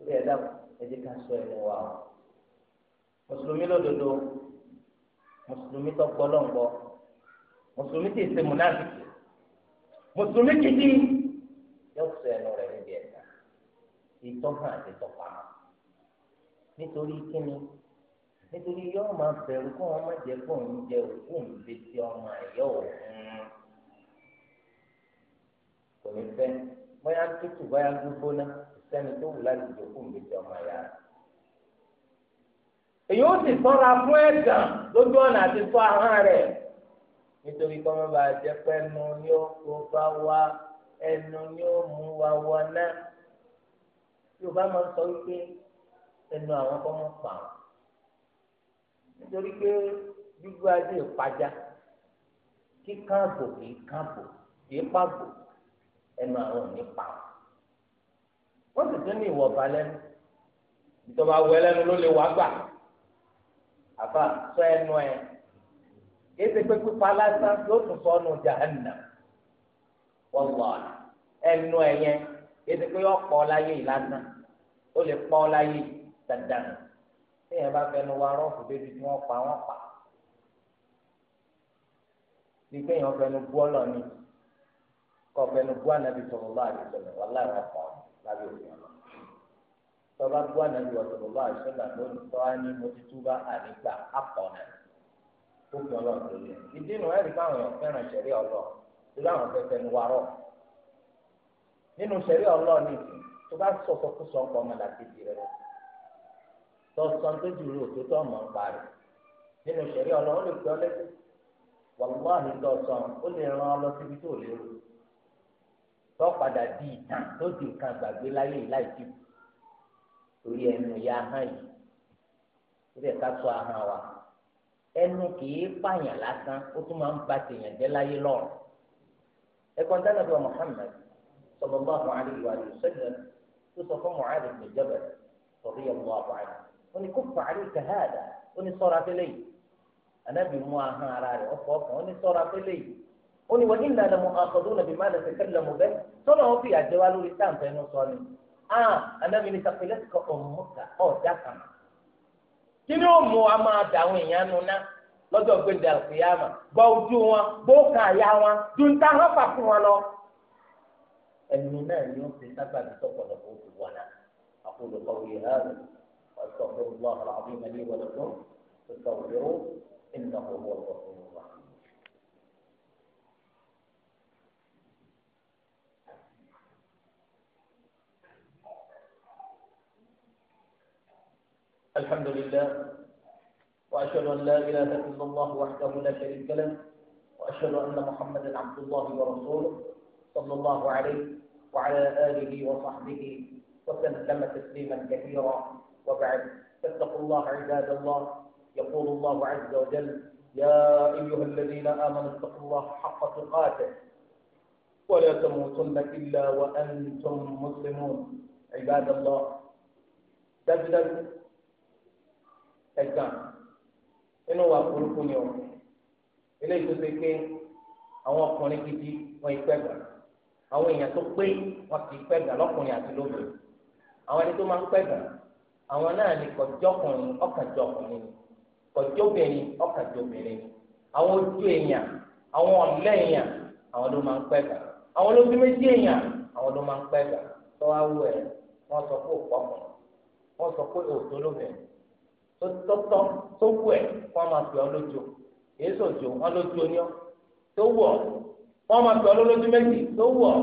ilé ẹ̀dá ẹ̀dí ká sọ ẹnu wa o mùsùlùmí lódodo mùsùlùmí tó gbọ́ lọ́ngbọ́ mùsùlùmí tètè múnáfìkì mùsùlùmí kìdí yóò sọ ẹnu rẹ̀ ìtọ́hàn àti ìtọ́pamọ́ nítorí kíni nítorí yóò máa bẹ̀rù kó wọn má jẹ́ kó òun jẹ òkú òun lè ti ọmọ ẹ̀yọ́ òun kò ní fẹ́ bóyá tútù bóyá gbígbóná sẹ́ni tó wù láti jẹ òkú òun lè ti ọmọ ẹ̀yà èyí ó sì sọ́ra fún ẹ̀gàn lójú ọ̀nà àti sọ ahọ́n rẹ̀ nítorí kọ́ mọ́ bá jẹ́ pẹ́ẹ́nu ni ó kó bá wá ẹnu ni ó mú wa wọ náà yorùbá máa ń sọ wípé ẹnu àwọn kọ́ mọ́ pa àwọn nítorí pé gbígbó adé ìpájà kíkán àbò kì í kán àbò kì í pàbò ẹnu àwọn ò ní pa àwọn wọ́n sì tún ní ìwọ̀ba lẹ́nu ìjọba wọ ẹlẹ́nu ló lè wá gbà àbá sọ ẹnu ẹ kìí ṣe pé pípa lásán yóò tún sọ ọ́nù jahannam wọ́n wọ̀ ẹnu ẹ yẹn yéésì pé ọ̀pọ̀ láyé yìí lásán ó lè pọ̀ láyé dandan téèyàn bá fẹnu wa rọ́ọ̀fù débi tí wọ́n pa wọ́n pa bí kéèyàn fẹnu bú ọ̀lọ́ ni kọ́ fẹnu bú ànábì sọ̀rọ̀ lọ́wọ́ àdìsọ̀rọ̀ wà láì wọ́n pa lábẹ́ òfin ọ̀la tọ́ba bú ànábì sọ̀rọ̀ lọ́wọ́ àdìsọ̀rọ̀ lónìí tọ́wá ní mo ti túbá àdìgbà àpọ̀ náà ó fi ọlọ́run lórí ẹ̀ ìdí nu ẹ̀rí káwọn èèyàn fẹ́ràn ìṣẹ̀rí ọlọ́run nínú sẹ̀rí ọlọ́ọ̀ni tó bá sọ̀tọ̀ kó ka ọkọ̀ ọmọlàkejì rẹ̀ lọ́sàn tó jùlọ òtútọ́ ọmọ ń parí nínú sẹ̀rí ọlọ́ọ̀ lè pẹ́ ọlẹ́sẹ̀ wàlúwàhí lọ́sàn ó lè ran ọ lọ síbi tó lérò tó padà di ìtàn tó di nǹkan gbàgbé láyé láì jù torí ẹnu ya hàn yìí sọ ahọ́n wa ẹnu kìí pààyàn lásán ó tún máa ń ba tèèyàn jẹ́ láyé lọ́rùn ẹ̀kọ́ صلى الله عليه وآله وسلم يوسف معاذ بن جبل رضي الله عنه وني كف عليك هذا وني صرف لي أنا بمواها على أفوك وني صرف لي وني وإنا لمؤاخذون بما نتكلم به صنعوا في الجوال والإسلام فإنه صالح آه أنا من ثقلتك أمك أو جاكما kini o mu a máa da àwọn èèyàn nu ná lọ́jọ́ gbẹ̀dẹ̀ àlùfíà mà gbọ́ ẹnu náà ni ó ti sábàbí tọ̀pọ̀lọpọ̀ اقول قولي náà àkójọ واستغفر الله العظيم لي ولكم فاستغفروه انه هو الغفور الرحيم الحمد لله واشهد ان لا اله الا الله وحده لا شريك له واشهد ان محمدا عبد الله ورسوله صلى الله عليه وعلى آله وصحبه وسلم تسليما كثيرا وبعد فاتقوا الله عباد الله يقول الله عز وجل يا أيها الذين آمنوا اتقوا الله حق تقاته ولا تموتن إلا وأنتم مسلمون عباد الله تجدد ẹ̀gbọ́n ان الله burúkú ni ọ eléyìí tó ṣe pé àwọn ọkùnrin àwọn èèyàn tó pé wọn ti í gà lọ́kùnrin àti lóbìnrin àwọn ẹni tó máa ń pẹ́ gà àwọn náà ní kọjọ́kùnrin ọkàjọ́kùnrin kọjọ́bìnrin ọkàjọ́bìnrin àwọn ojú èèyàn àwọn ọ̀lẹ́ èèyàn àwọn ló máa ń pẹ́ gà àwọn méjì èèyàn àwọn ló máa ń gà sọ pé òpó sọ pé òtó lóbìnrin tọ́tọ́ tó wọ́n máa sọ lólójú méjì tó wọ̀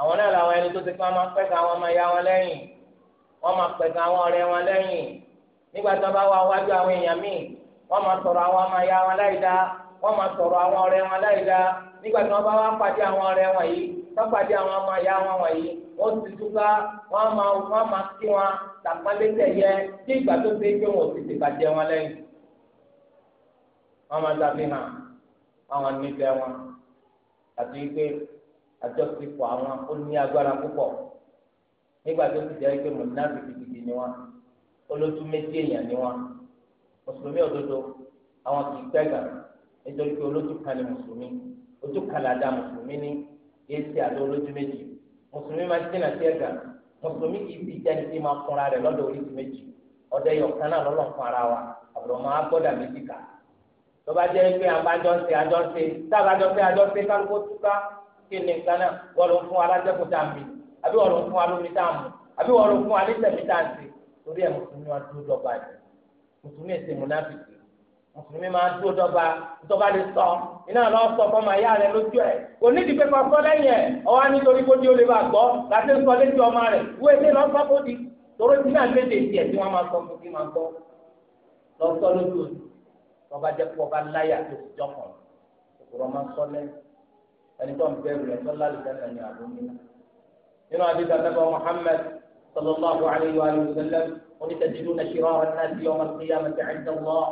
àwọn náà làwọn ẹni tó ti pé wọ́n máa pẹ́ ka wọn máa ya wọn lẹ́yìn wọ́n máa pẹ́ ka wọn ọ̀rẹ́ wọn lẹ́yìn nígbà tí wọ́n bá wá wájú àwọn èèyàn míì wọ́n máa sọ̀rọ̀ àwọn máa ya wọn láì dá wọ́n máa sọ̀rọ̀ àwọn ọ̀rẹ́ wọn láì dá nígbà tí wọ́n bá wá pàdé àwọn ọ̀rẹ́ wọn yìí tọ́pàdé àwọn máa ya wọn wọ̀nyí wọ́n ti dúpá wọ́n máa wọ́n máa kí wọn tàpálẹ́tẹ̀ yẹ tí ìgbà tó ṣe pé wọn ò ti tìbàjẹ́ wọn lẹ́yìn wọ́n máa dàbí hàn àwọn nífẹ̀ẹ́ wọn àti pé àjọṣepọ̀ àwọn ó ní agbára púpọ̀ nígbà tó ti jẹ́ pé mọ̀nàbí gidigidi ni wọ́n olótú méjì èèyàn ni wọ́n mùsùlùmí òdodo àwọn kì í gbẹ̀gà nítorí pé olótú kan ni mùsùlùmí ojú kan là dá mùsùlùmí ní yéé ṣe àdó olójú méjì mùsùlùmí máa jìnnà sí ẹ̀gà mùsùlùmí kì í fi jẹ́ni tí máa kúnra rẹ̀ lọ́dọ̀ oríṣi méjì ọ̀dẹ́yọ̀ kan náà lọ́lọ́ fún ara wa àbùrọ̀ máa gbọ́dà méjì kàá tọ́ba jẹ́ pé abájọ́sẹ̀ àjọsẹ̀ tábàjọ́sẹ̀ àjọsẹ̀ kálukó túká kí ni nǹkan náà wọ́n ló ń fún alájẹ́kùn tá a mi àbí wọ́n fún alómi tá a mú àbí wọ́n ló ń fún alẹ́sẹ̀mí tá a ti torí ẹ̀ mùsùlùmí wa dúró dọ́gba ẹ̀ mùsùlùmí ẹ̀sẹ̀ múnáfìkì mùsùlùmí máa dúró dọ́gba tọ́ba lè sọ iná lọ sọ fọ́ máa yá rẹ lójú ẹ̀ kò ní ìdìbò kan sọ lẹ́yìn ẹ̀ ọwọ́ nítorí kó di ó lè bá gbọ́ láti sọ létí ọmọ rẹ̀ wọ́n èdè lọ sọ́ kó di torí tí náà léde tiẹ̀ tí wọ́n máa sọ fún kí máa gbọ́ lọ sọ lójú òsì tọba jẹ kó ọba láyà tó ti jọkọ òkúrọ ọmọ ń sọlẹ ẹni tó ń bẹ̀rù rẹ sọlá lùdánà ní àbúmínà nínú àdìsá nàbà Muhammad sallallahu alayhi wa sallam ونتجدون شرار الناس يوم القيامة عند الله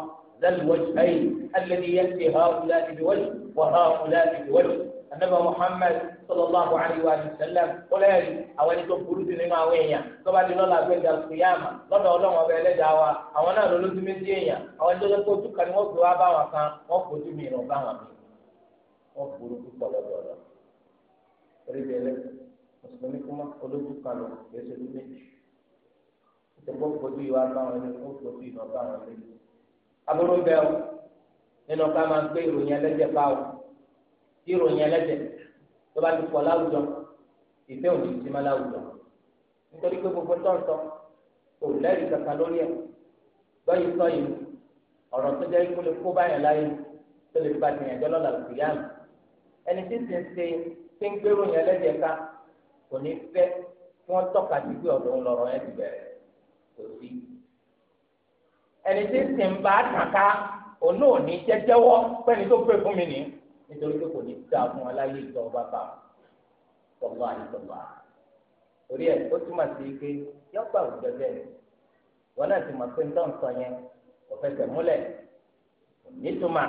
ذا الوجهين الذي يأتي هؤلاء بوجه وهؤلاء بوجه anabi muhammed sallallahu alayhi wa sallam kọlẹ ẹni àwọn ẹni tó burú jù nínú àwọn dị tọba di lọla gbé dàlùkìyàmà lọ́dọ̀ Ọlọ́run ọbẹ ẹlẹ́dàá wa àwọn náà lọ lójú méjì èèyàn àwọn ẹni tó lọ kójú ni wọn fi wá bá wọn kan wọn bá wọn mi wọn ọlọ orí mùsùlùmí kúmọ olójú kan lọ ìròyìn ẹlẹ́dẹ̀ tó bá ti pọ̀ láwùjọ ìfẹ́ òní ti má láwùjọ nítorí pé gbogbo tọ̀ọ̀tọ̀ kò lẹ́rìí kankan lórí ẹ̀ gbọ́yìí sọ yìí ọ̀rọ̀ tó jẹ́ kó lè kó báyàn láyé tó lè ba tìyàn jọ lọ́la òkè yá mi ẹni tí sì ń ṣe tí ń gbérò yẹn lẹ́jẹ̀ ká kò ní fẹ́ kí wọ́n tọ́ka sí pé ọ̀dọ̀ ń lọ́rọ̀ ti bẹ̀rẹ̀ kò sí ẹni tí sì ń bá tàka òun náà ní jẹ́jẹ́wọ́ pẹ́ni tó gbé fún mi nìyí nítorí pé kò ní dá fún wọn láyé ìtọ́ ọba bá tọ́lá ìtọ́lá torí ẹ̀ ó túmọ̀ sí pé yọ́pọ̀ àwùjọ bẹ́ẹ̀ wọn náà ti mọ̀ pé nítorí sọ yẹn kò fẹsẹ̀ múlẹ̀ nítumà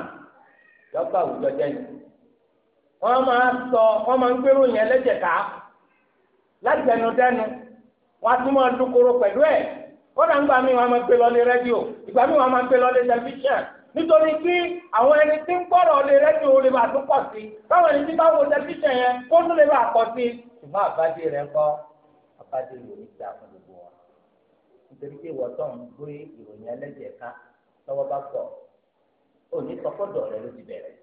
yọ́pọ̀ àwùjọ jẹ́ ni wọ́n máa sọ wọ́n máa ń gbérò yẹn lẹ́jẹ̀ ká láti ẹnu dẹ́nu wọ́n á tún máa dúkoro pẹ̀lú ẹ̀ kódà ń gbà mí wọ́n máa gbé lọ ní rédíò ìgbà mí wọ́n máa gbé lọ ní tẹlifíṣàn nítorí pé àwọn ẹni tí ń gbọ́rọ̀ lè rẹ́díò lè máa tún pọ̀ sí báwọn ẹni tí bá wo tẹlifíṣàn yẹn kó tún lè máa pọ̀ sí ṣùgbọ́n àbádé rẹ̀ ń kọ́ àbádé rẹ̀ ní ìjà fún gbogbo wa nítorí pé ìwọ tó ń gbé ìròyìn ẹlẹ́jẹ̀ ká lọ́wọ́ bá pọ̀ ò ní sọkọ́dọ̀ rẹ ló ti bẹ̀rẹ̀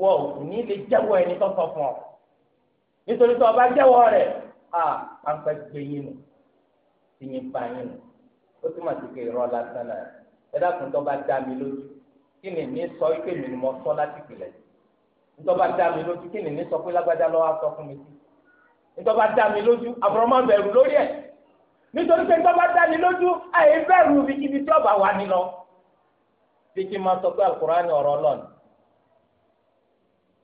wọ òkú ní lè jẹ́wọ́ ẹni tó sọ fún ọ nítorí tó o jẹ́wọ́ rẹ̀ à pàǹpẹ́ gbé yín nù ẹ dákun tó bá dá mi lójú kí ni mi sọ pé mi ni mo sọ láti pìlẹ̀ tó bá dá mi lójú kí ni mi sọ pé lágbájá lọ́wọ́ sọ fún mi sí tó bá dá mi lójú àbúrọ̀mọ́ bẹ̀rù lórí ẹ̀ nítorí pé tó bá dá mi lójú àyè bẹ̀rù ibi ibi tí ọba wà ní lọ bí kí n máa sọ pé àkùrán ni ọ̀rọ̀ lọ́nà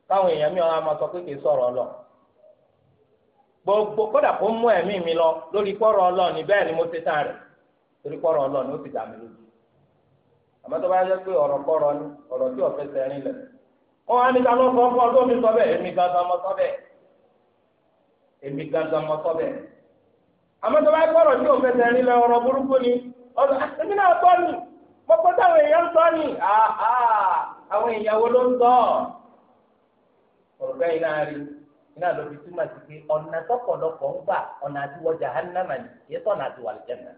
káwọn èèyàn mi ọ̀hún máa sọ pé kì í sọ̀rọ̀ lọ gbogbo kódà kó mú ẹ̀mí mi lọ lórí kọ́rọ̀ ọlọ́ọ̀ni ni mo ti àmọ́ tó bá yẹ pé ọ̀rọ̀ kọ́rọ̀ ni ọ̀rọ̀ tí ọ̀fẹ́ sẹ́rin lẹ̀ wọ́n á ní ká lọ́kọ́ fún ọdún mi sọ bẹ́ẹ̀ èmi gangan mọ sọ bẹ́ẹ̀ èmi gangan mọ sọ bẹ́ẹ̀ àmọ́ tó bá yẹ kọ́rọ̀ tí ọ̀fẹ́ sẹ́rin lẹ̀ ọ̀rọ̀ burúkú ni ọ̀rọ̀ ah, èmi náà tọ́ ni mo kọ́ táwọn èèyàn ń tọ́ ni àwọn èèyàn wo ló ń tọ́ ọ̀rọ̀ iná rí iná ló fi túmọ̀ sí pé ọ̀nà tọkọ̀lọpọ̀ ń gbà ọ̀nà àtiwọ̀ jahannama ni yẹ́tọ̀ ọ̀nà àtiwọ̀ àlùjànnà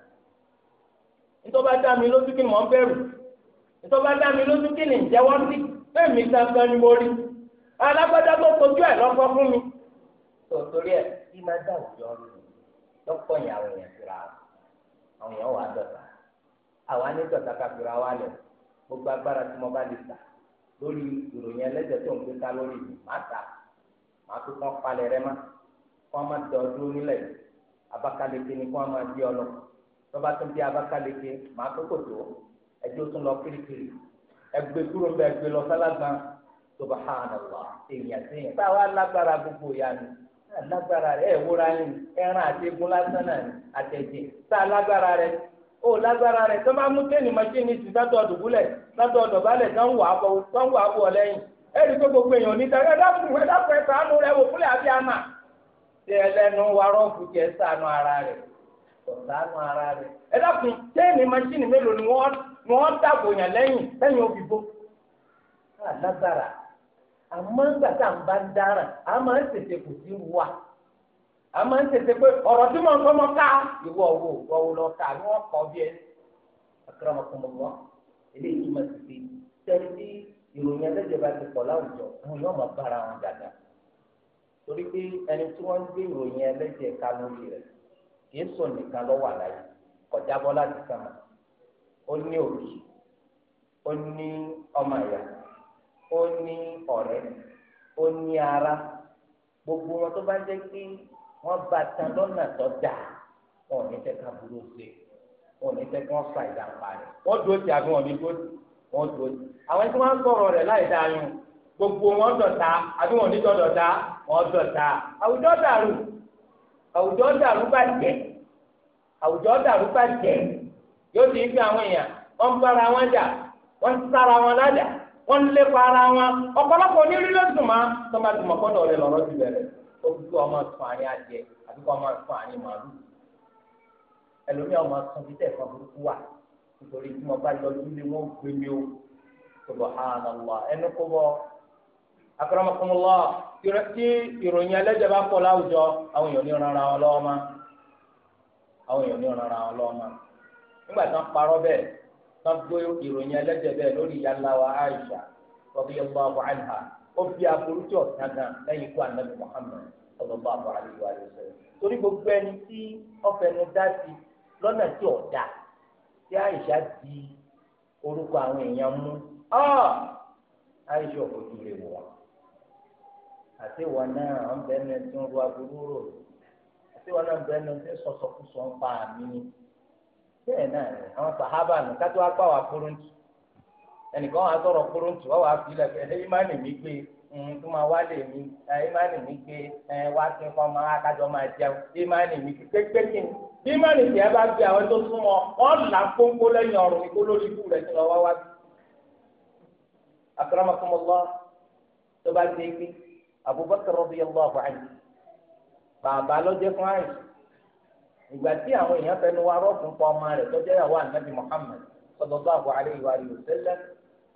nítorí bá dá mi lójú kí mò ń bẹ̀rù ìtọ́ba dá mi lójú kí ni ìjẹ́wọ́ sí fẹ́mi gangan ni mo rí alágbádá tó kojú ẹ̀ lọ́kọ́ fún mi. tòtòrí ẹ bí máa dá òjò rú lọ́pọ̀ yẹn àwọn èèyàn síra àwọn èèyàn wà á dọ̀tà àwa ní dọ̀tà káfíra wa lẹ̀ gbogbo agbára tí mo bá lè tà lórí ìròyìn ẹlẹ́jẹ̀ tó ń gbé lórí mi má ta má tó kán palẹ̀ rẹ má kán má dọ̀ dúró nílẹ̀ Abakaliki ni kán má di ọ lọ tọ́ba tó ń bí Abakaliki má tó kò ẹjọ́ tún lọ kirikiri ẹgbẹ́ kúrò gbé lọ sálágbá subahánàlá èèyàn sí yẹn táwa lágbára gbogbo ya ni lágbára rẹ ẹ̀wúra yín ẹran àti egun lásán náà ni àtẹ̀jẹ̀ tá lágbára rẹ ó lágbára rẹ tó máa mú téènì mọ́ṣíìnì sí sátọ̀ dùbúlẹ̀ sátọ̀ dọ̀bálẹ̀ tó ń wà á gbogbo èèyàn dákùn dákùn sànù rẹ wò àbí àmà wa sànù ara sànù ara ẹ dákùn mélòó ni ni wọ́n dàgbò yàn lẹ́yìn lẹ́yìn òbíbo alágbára àmọ́ tá à ń bá ń dára a máa ń tètè kò sí wà a máa ń tètè pé ọ̀rọ̀ tí mo ń sọmọ ká ìwọ owó ìwọ lọ ká ni wọ́n kọ́ bí ẹ akérèmọkùnmọ́ eléyìí ìròyìn ẹlẹ́jẹ̀ bá ti pọ̀ láwùjọ bára wọn torí pé ẹni tí wọ́n ń gbé ìròyìn ó ní òbí ó ní ọmọ ìyá ó ní ọ̀rẹ́ ó ní ara gbogbo wọn tó bá jẹ́ pé wọ́n bá tan lọ́nà tó dáa wọn ò ní fẹ́ ká burú sí i wọn ò ní fẹ́ kí wọ́n fa ìdàpá rẹ̀ wọ́n dúró ti àbí wọn ní dúró ti wọ́n dúró ti àwọn tí wọ́n ń sọ̀rọ̀ láì dáa gbogbo wọn dọ̀tá àbí wọn ní dọ̀dọ̀tá wọn dọ̀tá àwùjọ dàrú àwùjọ dàrú bàjẹ́ àwùjọ dàrú bàjẹ́. yóò ti fi àwọn èèyàn wọ́n bára wọn jà wọ́n sára wọn lájà wọ́n lépa ara wọn ọ̀pọ̀lọpọ̀ onírí ló dùn máa tó máa dùn mọ́ kọ́ńdọ̀ rẹ̀ ti ó fi kó ọmọ sùn àárín kó ọmọ sùn àárín màálù ọmọ sùn burúkú wà nítorí o ẹnu kó bọ tí ìròyìn bá láwùjọ àwọn èèyàn nígbà tán parọ́ bẹ́ẹ̀ tán gbé ìròyìn ẹlẹ́jẹ̀ bẹ́ẹ̀ lórí ìyá ńlá wa Aisha radiyallahu anha ó fi aburú tí ọ̀tá lẹ́yìn ikú anabi Muhammad sallallahu alaihi wa sallam torí gbogbo ẹni tí ọ̀fẹ́nu dá sí lọ́nà tí ọ̀dà tí Aisha di orúkọ àwọn èèyàn mú ọ́ ah! Aisha òkòtù lè wọ̀ àti ìwọ náà ọ̀n bẹ́ẹ̀ ni tí ń ro aburú rò àti náà bẹ́ẹ̀ ni tí ń sọ̀sọ̀kú ń pa àmì bẹ́ẹ̀ náà ni àwọn sàhábà nù kátó apá wa kúrúntù ẹnìkan wà sọ̀rọ̀ kúrúntù wọ́n wà fi lẹ́fẹ̀ẹ́ ẹ ìmánì mi gbé mm, tó máa wá lè mi ẹ ìmánì mi gbé ẹ wá sí fún ọmọ akájọ máa jẹun kí ni bí bá gbé àwọn tó súnmọ́ là ń lẹ́yìn lórí ikú lọ wá wá. akramakumullah ìgbà tí àwọn èèyàn fẹnu wa rọ́ọ̀kùn pa ọmọ rẹ̀ tọ́jú ìyàwó ànábì Muhammad sallallahu alaihi wa sallam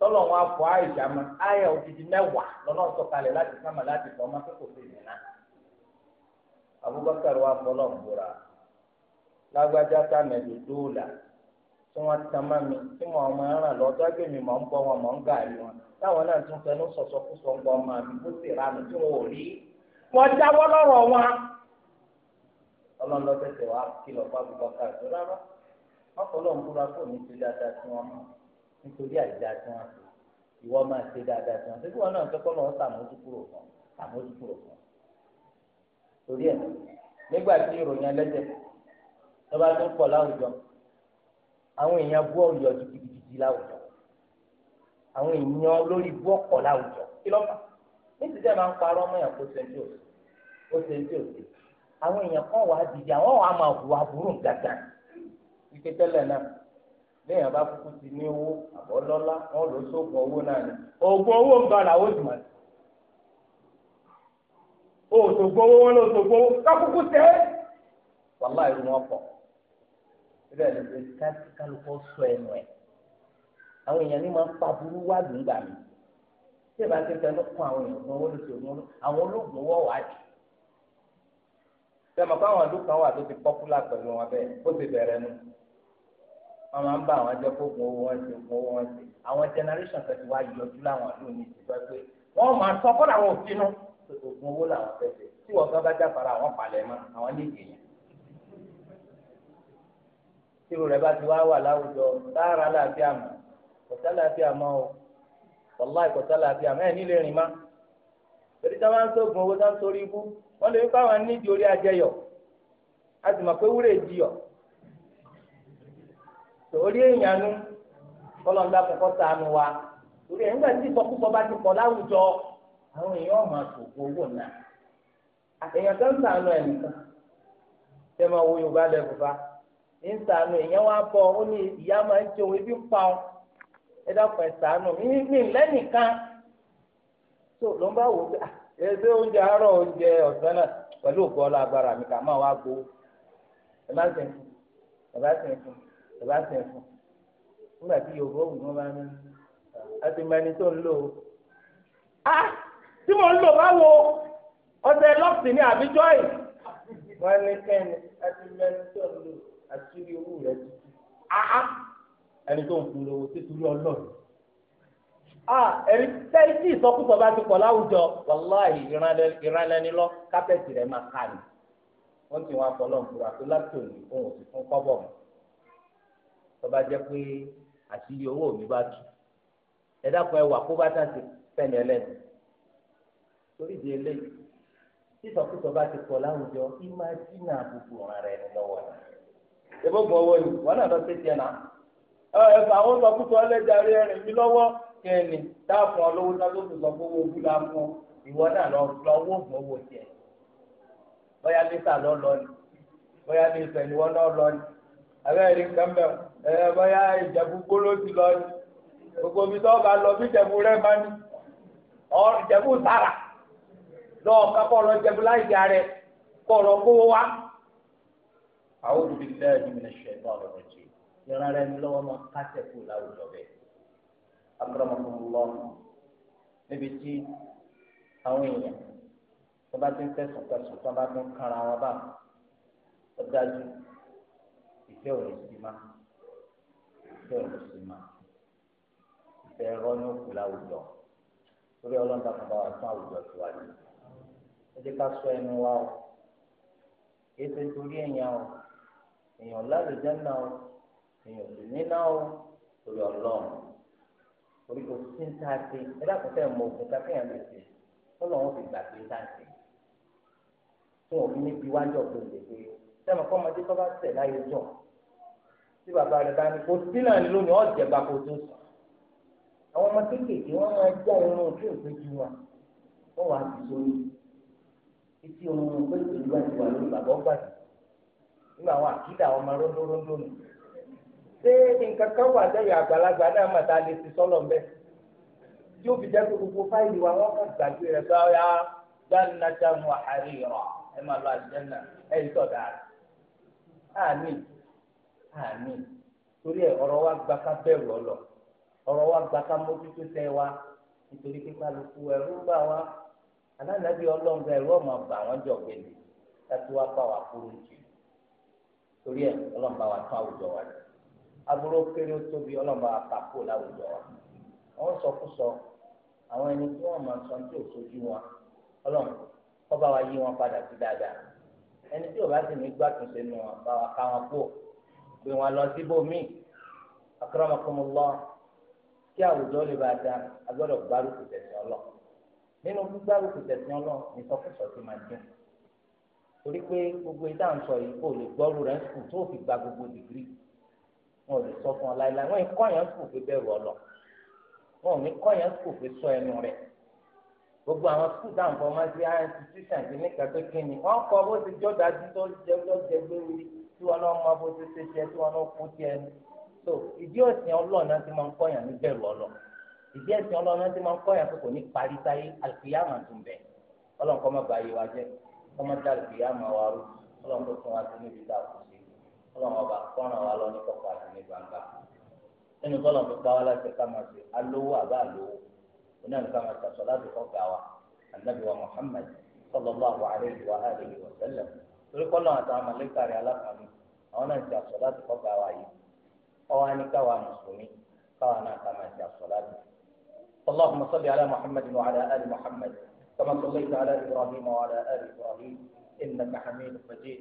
tọ́lọ̀ wọn afọ àìsà ma ayé òdìdí mẹ́wàá lọ́nà sọ̀kalẹ̀ láti sáma láti fọ́ ọmọ akẹ́kọ̀ọ́ fún ìyẹnà. Abubakar wa fọlọ́ ń bora lágbájá dóòlà tí wọ́n tí mo ọmọ ẹran mi mọ̀ ọlọ́run lọ tẹ̀sẹ̀ wá kìlọ̀ fún abubakar tó rárá wọn kọ́ lọ́n búra kó ní ṣe dáadáa tí wọ́n mọ̀ nítorí àìdá tí wọ́n ṣe ìwọ máa ṣe dáadáa tí wọ́n ṣe bí wọn náà tẹ́kọ́ lọ́wọ́ sàmójúkúrò fún sàmójúkúrò fún torí ẹ̀ nígbà tí ìròyìn ẹlẹ́jẹ̀ lọ́ba tó pọ̀ láwùjọ àwọn èèyàn bú ọ̀yọ́ gidigidi láwùjọ àwọn èèyàn lórí bú ọ̀pọ̀ láwùjọ kí lọ́pàá nítorí ẹ̀ máa ń parọ́ mọ́ ìyàpò sẹ́ńtì òsì ó sẹ́ńtì òsì àwọn èèyàn kan wà á dìde àwọn wà á máa hùwà burú gàgà ike tẹ́lẹ̀ náà lẹ́yìn àbá kúkú ti ní owó àbọ̀ lọ́lá wọn lọ sóògùn owó náà ni oògùn owó ń gbọ́dọ̀ àwọn òjùmọ̀ o òṣògùn owó wọn lọ òṣògùn owó kákúkú tẹ́ wàhálà irun wọn pọ̀ rẹ̀ ló fi kálukọ́ sọ ẹnu ẹ̀ àwọn èèyàn ní máa ń pa burú wá gbà mí tí ìbá ti fẹ́ lọ́kùn àwọn èèyàn fún olùsòwò àwọn olóògùn wọ̀ wá dì sẹ́mi fáwọn ìlú kan wà tó ti pọ́pùlà pẹ̀lú wọn bẹ́ẹ̀ ó ti bẹ̀rẹ̀ nu wọn máa ń bá àwọn jẹ́ kó gun owó wọn ṣe gun owó wọn ṣe àwọn generation kan ti wá yọjú láwọn ìlú ní ìtìpẹ́ pé wọ́n máa sọ kọ́ làwọn ò sínú oògùn owó làwọn fẹ́ ṣe tí wọ́n fẹ́ bá jáfara àwọn palẹ̀ mọ́ àwọn ní ìgbìyàn tírú rẹ̀ bá ti wá wà láwùjọ sáárà láàbíàmù kọ̀tà láàbíàmù torí táwọn á ń sóògùn owó táwọn sórí ibú wọ́n lè wípé àwọn nídìí orí ajẹyọ̀ a sì mọ̀ pé wúrẹ̀ ìdíyọ̀ torí èèyànú kọ́lọ́ ńlá sànù wa torí ẹ̀ tí bá ti pọ̀ láwùjọ àwọn èèyàn owó náà sànù ẹ̀ nìkan tẹ́ so ló ń bá wò ó pé ẹsẹ ah, oúnjẹ àárọ̀ oúnjẹ ọ̀sán náà pẹ̀lú òkú ọlọ agbára mi kà máa wá gbó ẹ bá sẹ fún ẹ bá sẹ fún ẹ bá sẹ fún nígbà tí yorùbá òwú wọn bá ní àti mẹni tó ń lò ó a ah, tí mo ń lò báwo ọ̀sẹ̀ lọfì ní àbíjọ yìí wọn ní kẹni àti mẹni tó ń lò àti owó rẹ tuntun a ah, ẹni tó ń kun lówó títúrú ọlọ́run a ẹni tẹ́lí tí ìsọkúsọ bá ti pọ̀ láwùjọ wàláhì ìranlẹ́ni lọ kápẹ́tì rẹ̀ máa ká ni wọ́n ti wọn afọlọ́ nkúra tó láti òní ohun òsì fún kọ́bọ̀ mọ́ tó bá jẹ́ pé àṣírí owó mi bá tú ẹ dákun ẹ wà kó bá tà sí fẹ́mi ẹlẹ́nu torí di eléyìí tí ìsọkúsọ bá ti pọ̀ láwùjọ ìmá dínà àbùkù ọ̀ràn rẹ̀ lọ́wọ́ rẹ̀ ebógun owó ni wọn náà lọ sí tiẹ̀ náà ẹ fà àwọn sọkúsọ kẹ́ni táàfún ọlọ́wọ́ náà tó fi sọ pé owó ojú la fún ìwọ náà lọ lọ owó ògùn owó tiẹ̀ bóyá lítà lọ lọ ni bóyá ní ìfẹ́ ni wọ́n náà lọ ni abẹ́rẹ́ rí nǹkan bẹ́ẹ̀ ẹ bóyá ìjẹ̀bú gbóló ti lọ ni gbogbo mi tó bá lọ bí ìjẹ̀bú rẹ̀ máa ní ọ ìjẹ̀bú sára lọ́ọ̀ kápọ̀ lọ jẹ̀bú láì jà rẹ̀ kọ̀ lọ kówó wá. àwọn olùdíje náà ní mi ní ṣe é lọ́wọ́ máa kásẹ̀ akramakumullah níbi tí àwọn èèyàn tó bá ti ń tẹ̀sùn tẹ̀sùn tó bá ti ń kanra wọn bá ó dájú ìfẹ́ òní sí ma ìfẹ́ òní sí ma ìfẹ́ ẹ̀rọ ní òkú láwùjọ torí ọlọ́dà kan bá wa tún àwùjọ tó wà ní. ẹ ká sọ ẹnu wa o kì ṣe torí ẹ̀yàn o èèyàn lálùjẹ́ náà o èèyàn sì ní náà o torí ọlọ́run. orí kò sí ń tá a ṣe ẹ dákun fẹ́ mọ ògùn ká kéèyàn lè ṣe ó lọ́wọ́ fi gbà pé tá a ṣe tí wọn fi ní bí wájú ọ̀gbìn lè pé sẹ́mi kọ́ ọmọdé tó bá tẹ̀ láyé jọ tí bàbá rẹ̀ bá ní kò sí náà ní lónìí bá tó sùn àwọn ọmọ kéékèèké wọn máa irun ṣé nǹkan kan wà lẹ́yìn àgbàlagbà náà mà tá a lè ti sọ́lọ̀ mbẹ́ tí ó fi jẹ́ pé gbogbo fáìlì wa wọ́n kàn gbàgbé rẹ̀ bá ya gbàǹdàjà mu àárín rọ̀ ẹ máa lọ àjẹnà ẹ yìí tọ̀ dáa àmín àmín torí ẹ ọ̀rọ̀ wa gba ká bẹ̀rù ọlọ ọ̀rọ̀ wa gba ká mójútó tẹ wa nítorí pé kálukú ẹ̀rù ń bà alánàbí ọlọ́ọ̀gá ẹ̀rù ọ̀mà bà wọ́n jọ gbẹ̀lẹ̀ tàbí wá bá wa kúrò jù torí ẹ ọlọ́ọ̀bá wa tún àwùjọ wa lọ aburú kéré tóbi ọlọ́mọ àpapọ̀ láwùjọ wa àwọn sọkúsọ àwọn ẹni tí wọ́n máa sọ tí ò sójú wọn ọlọ́mọ kọ́ bá wa yí wọn padà sí dáadáa ẹni tí ò bá sì ní gbàtúnṣe nù wọn bá wa ká wọn kú pé wọn lọ síbòmíì akramakumullah kí àwùjọ lè bá da agbọ́dọ̀ gbárùkù tẹ̀sán ọlọ́ nínú gbígbárùkù tẹ̀sán ọlọ́ ní sọkúsọ ti máa dín torí pé gbogbo ìdáhùn sọ yìí kò lè gbọ́rù rẹ̀ sùn tó fi gba gbogbo dìgírì wọn ò lè sọ fún ọ láéláé wọn ìkọ́ yẹn kò fi bẹ̀rù ọ lọ wọn ò ní kọ́ yẹn kò fi sọ ẹnu rẹ̀ gbogbo àwọn skul dáhùn fún ọmọ sí institution ti ní kàtó kínní wọn kọ bó ti jọ dájú tó jẹ tó jẹ gbéwì tí wọn náà mọ bó ti ṣe jẹ tí wọn náà kú jẹ ẹnu so ìdí òsìn ọlọ́ọ̀nà ti máa ń kọ́ yẹn ní bẹ̀rù ọ lọ ìdí ẹ̀sìn ọlọ́ọ̀nà ti máa ń kọ́ yẹn kò ní parí táyé àlùkìyàmà tó ń bẹ̀ má bàa yé wa jẹ́ àlùkìyàmà wa rú ọlọ́ọ̀kọ́ tó wá sí níbi dáhùn ọlọ́run ọba kọ́ràn wa lọ ní kọ̀kọ̀ àti ní gbangba nínú tọ́lọ̀ fi pa wá láti ká máa ṣe alówó àbá àlówó oní àná ká máa ṣàṣọ láti kọ́kà wa ànábì wa Muhammad sallallahu alaihi wa alihi wa sallam torí kọ́lọ̀ àtàwọn mọ̀lẹ́kàrí alákànní àwọn náà ti àṣọ láti kọ́kà wa yìí ọwọ́ á ní káwa mùsùlùmí káwa náà ká máa ṣe àṣọ láti. اللهم صل على محمد وعلى آل محمد كما صليت على إبراهيم وعلى آل إبراهيم إنك حميد مجيد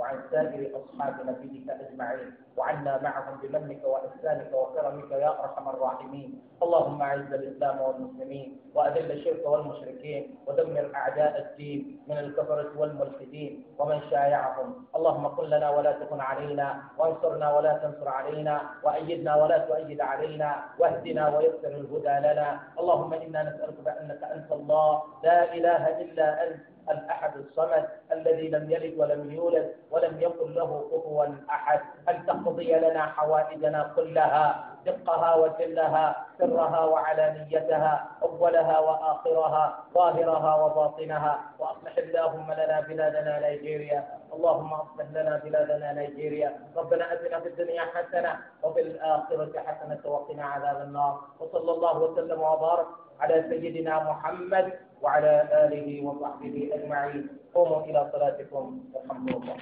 وعن سائر أصحاب نبيك أجمعين وعنا معهم بمنك وإحسانك وكرمك يا أرحم الراحمين اللهم أعز الإسلام والمسلمين وأذل الشرك والمشركين ودمر أعداء الدين من الكفرة والملحدين ومن شايعهم اللهم قل لنا ولا تكن علينا وانصرنا ولا تنصر علينا وأيدنا ولا تؤيد علينا واهدنا ويسر الهدى لنا اللهم إنا نسألك بأنك أنت الله لا إله إلا أنت الأحد الصمد الذي لم يلد ولم يولد ولم يكن له كفوا أحد أن تقضي لنا حوائجنا كلها دقها وجلها سرها وعلانيتها أولها وآخرها ظاهرها وباطنها وأصلح اللهم لنا بلادنا نيجيريا اللهم أصلح لنا بلادنا نيجيريا ربنا أتنا في الدنيا حسنة وفي الآخرة حسنة وقنا عذاب النار وصلى الله وسلم وبارك على سيدنا محمد وعلى آله وصحبه أجمعين قوموا إلى صلاتكم والحمد لله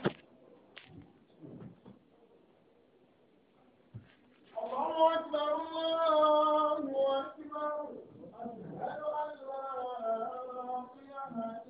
الله أكبر الله أكبر أشهد أن لا إله إلا الله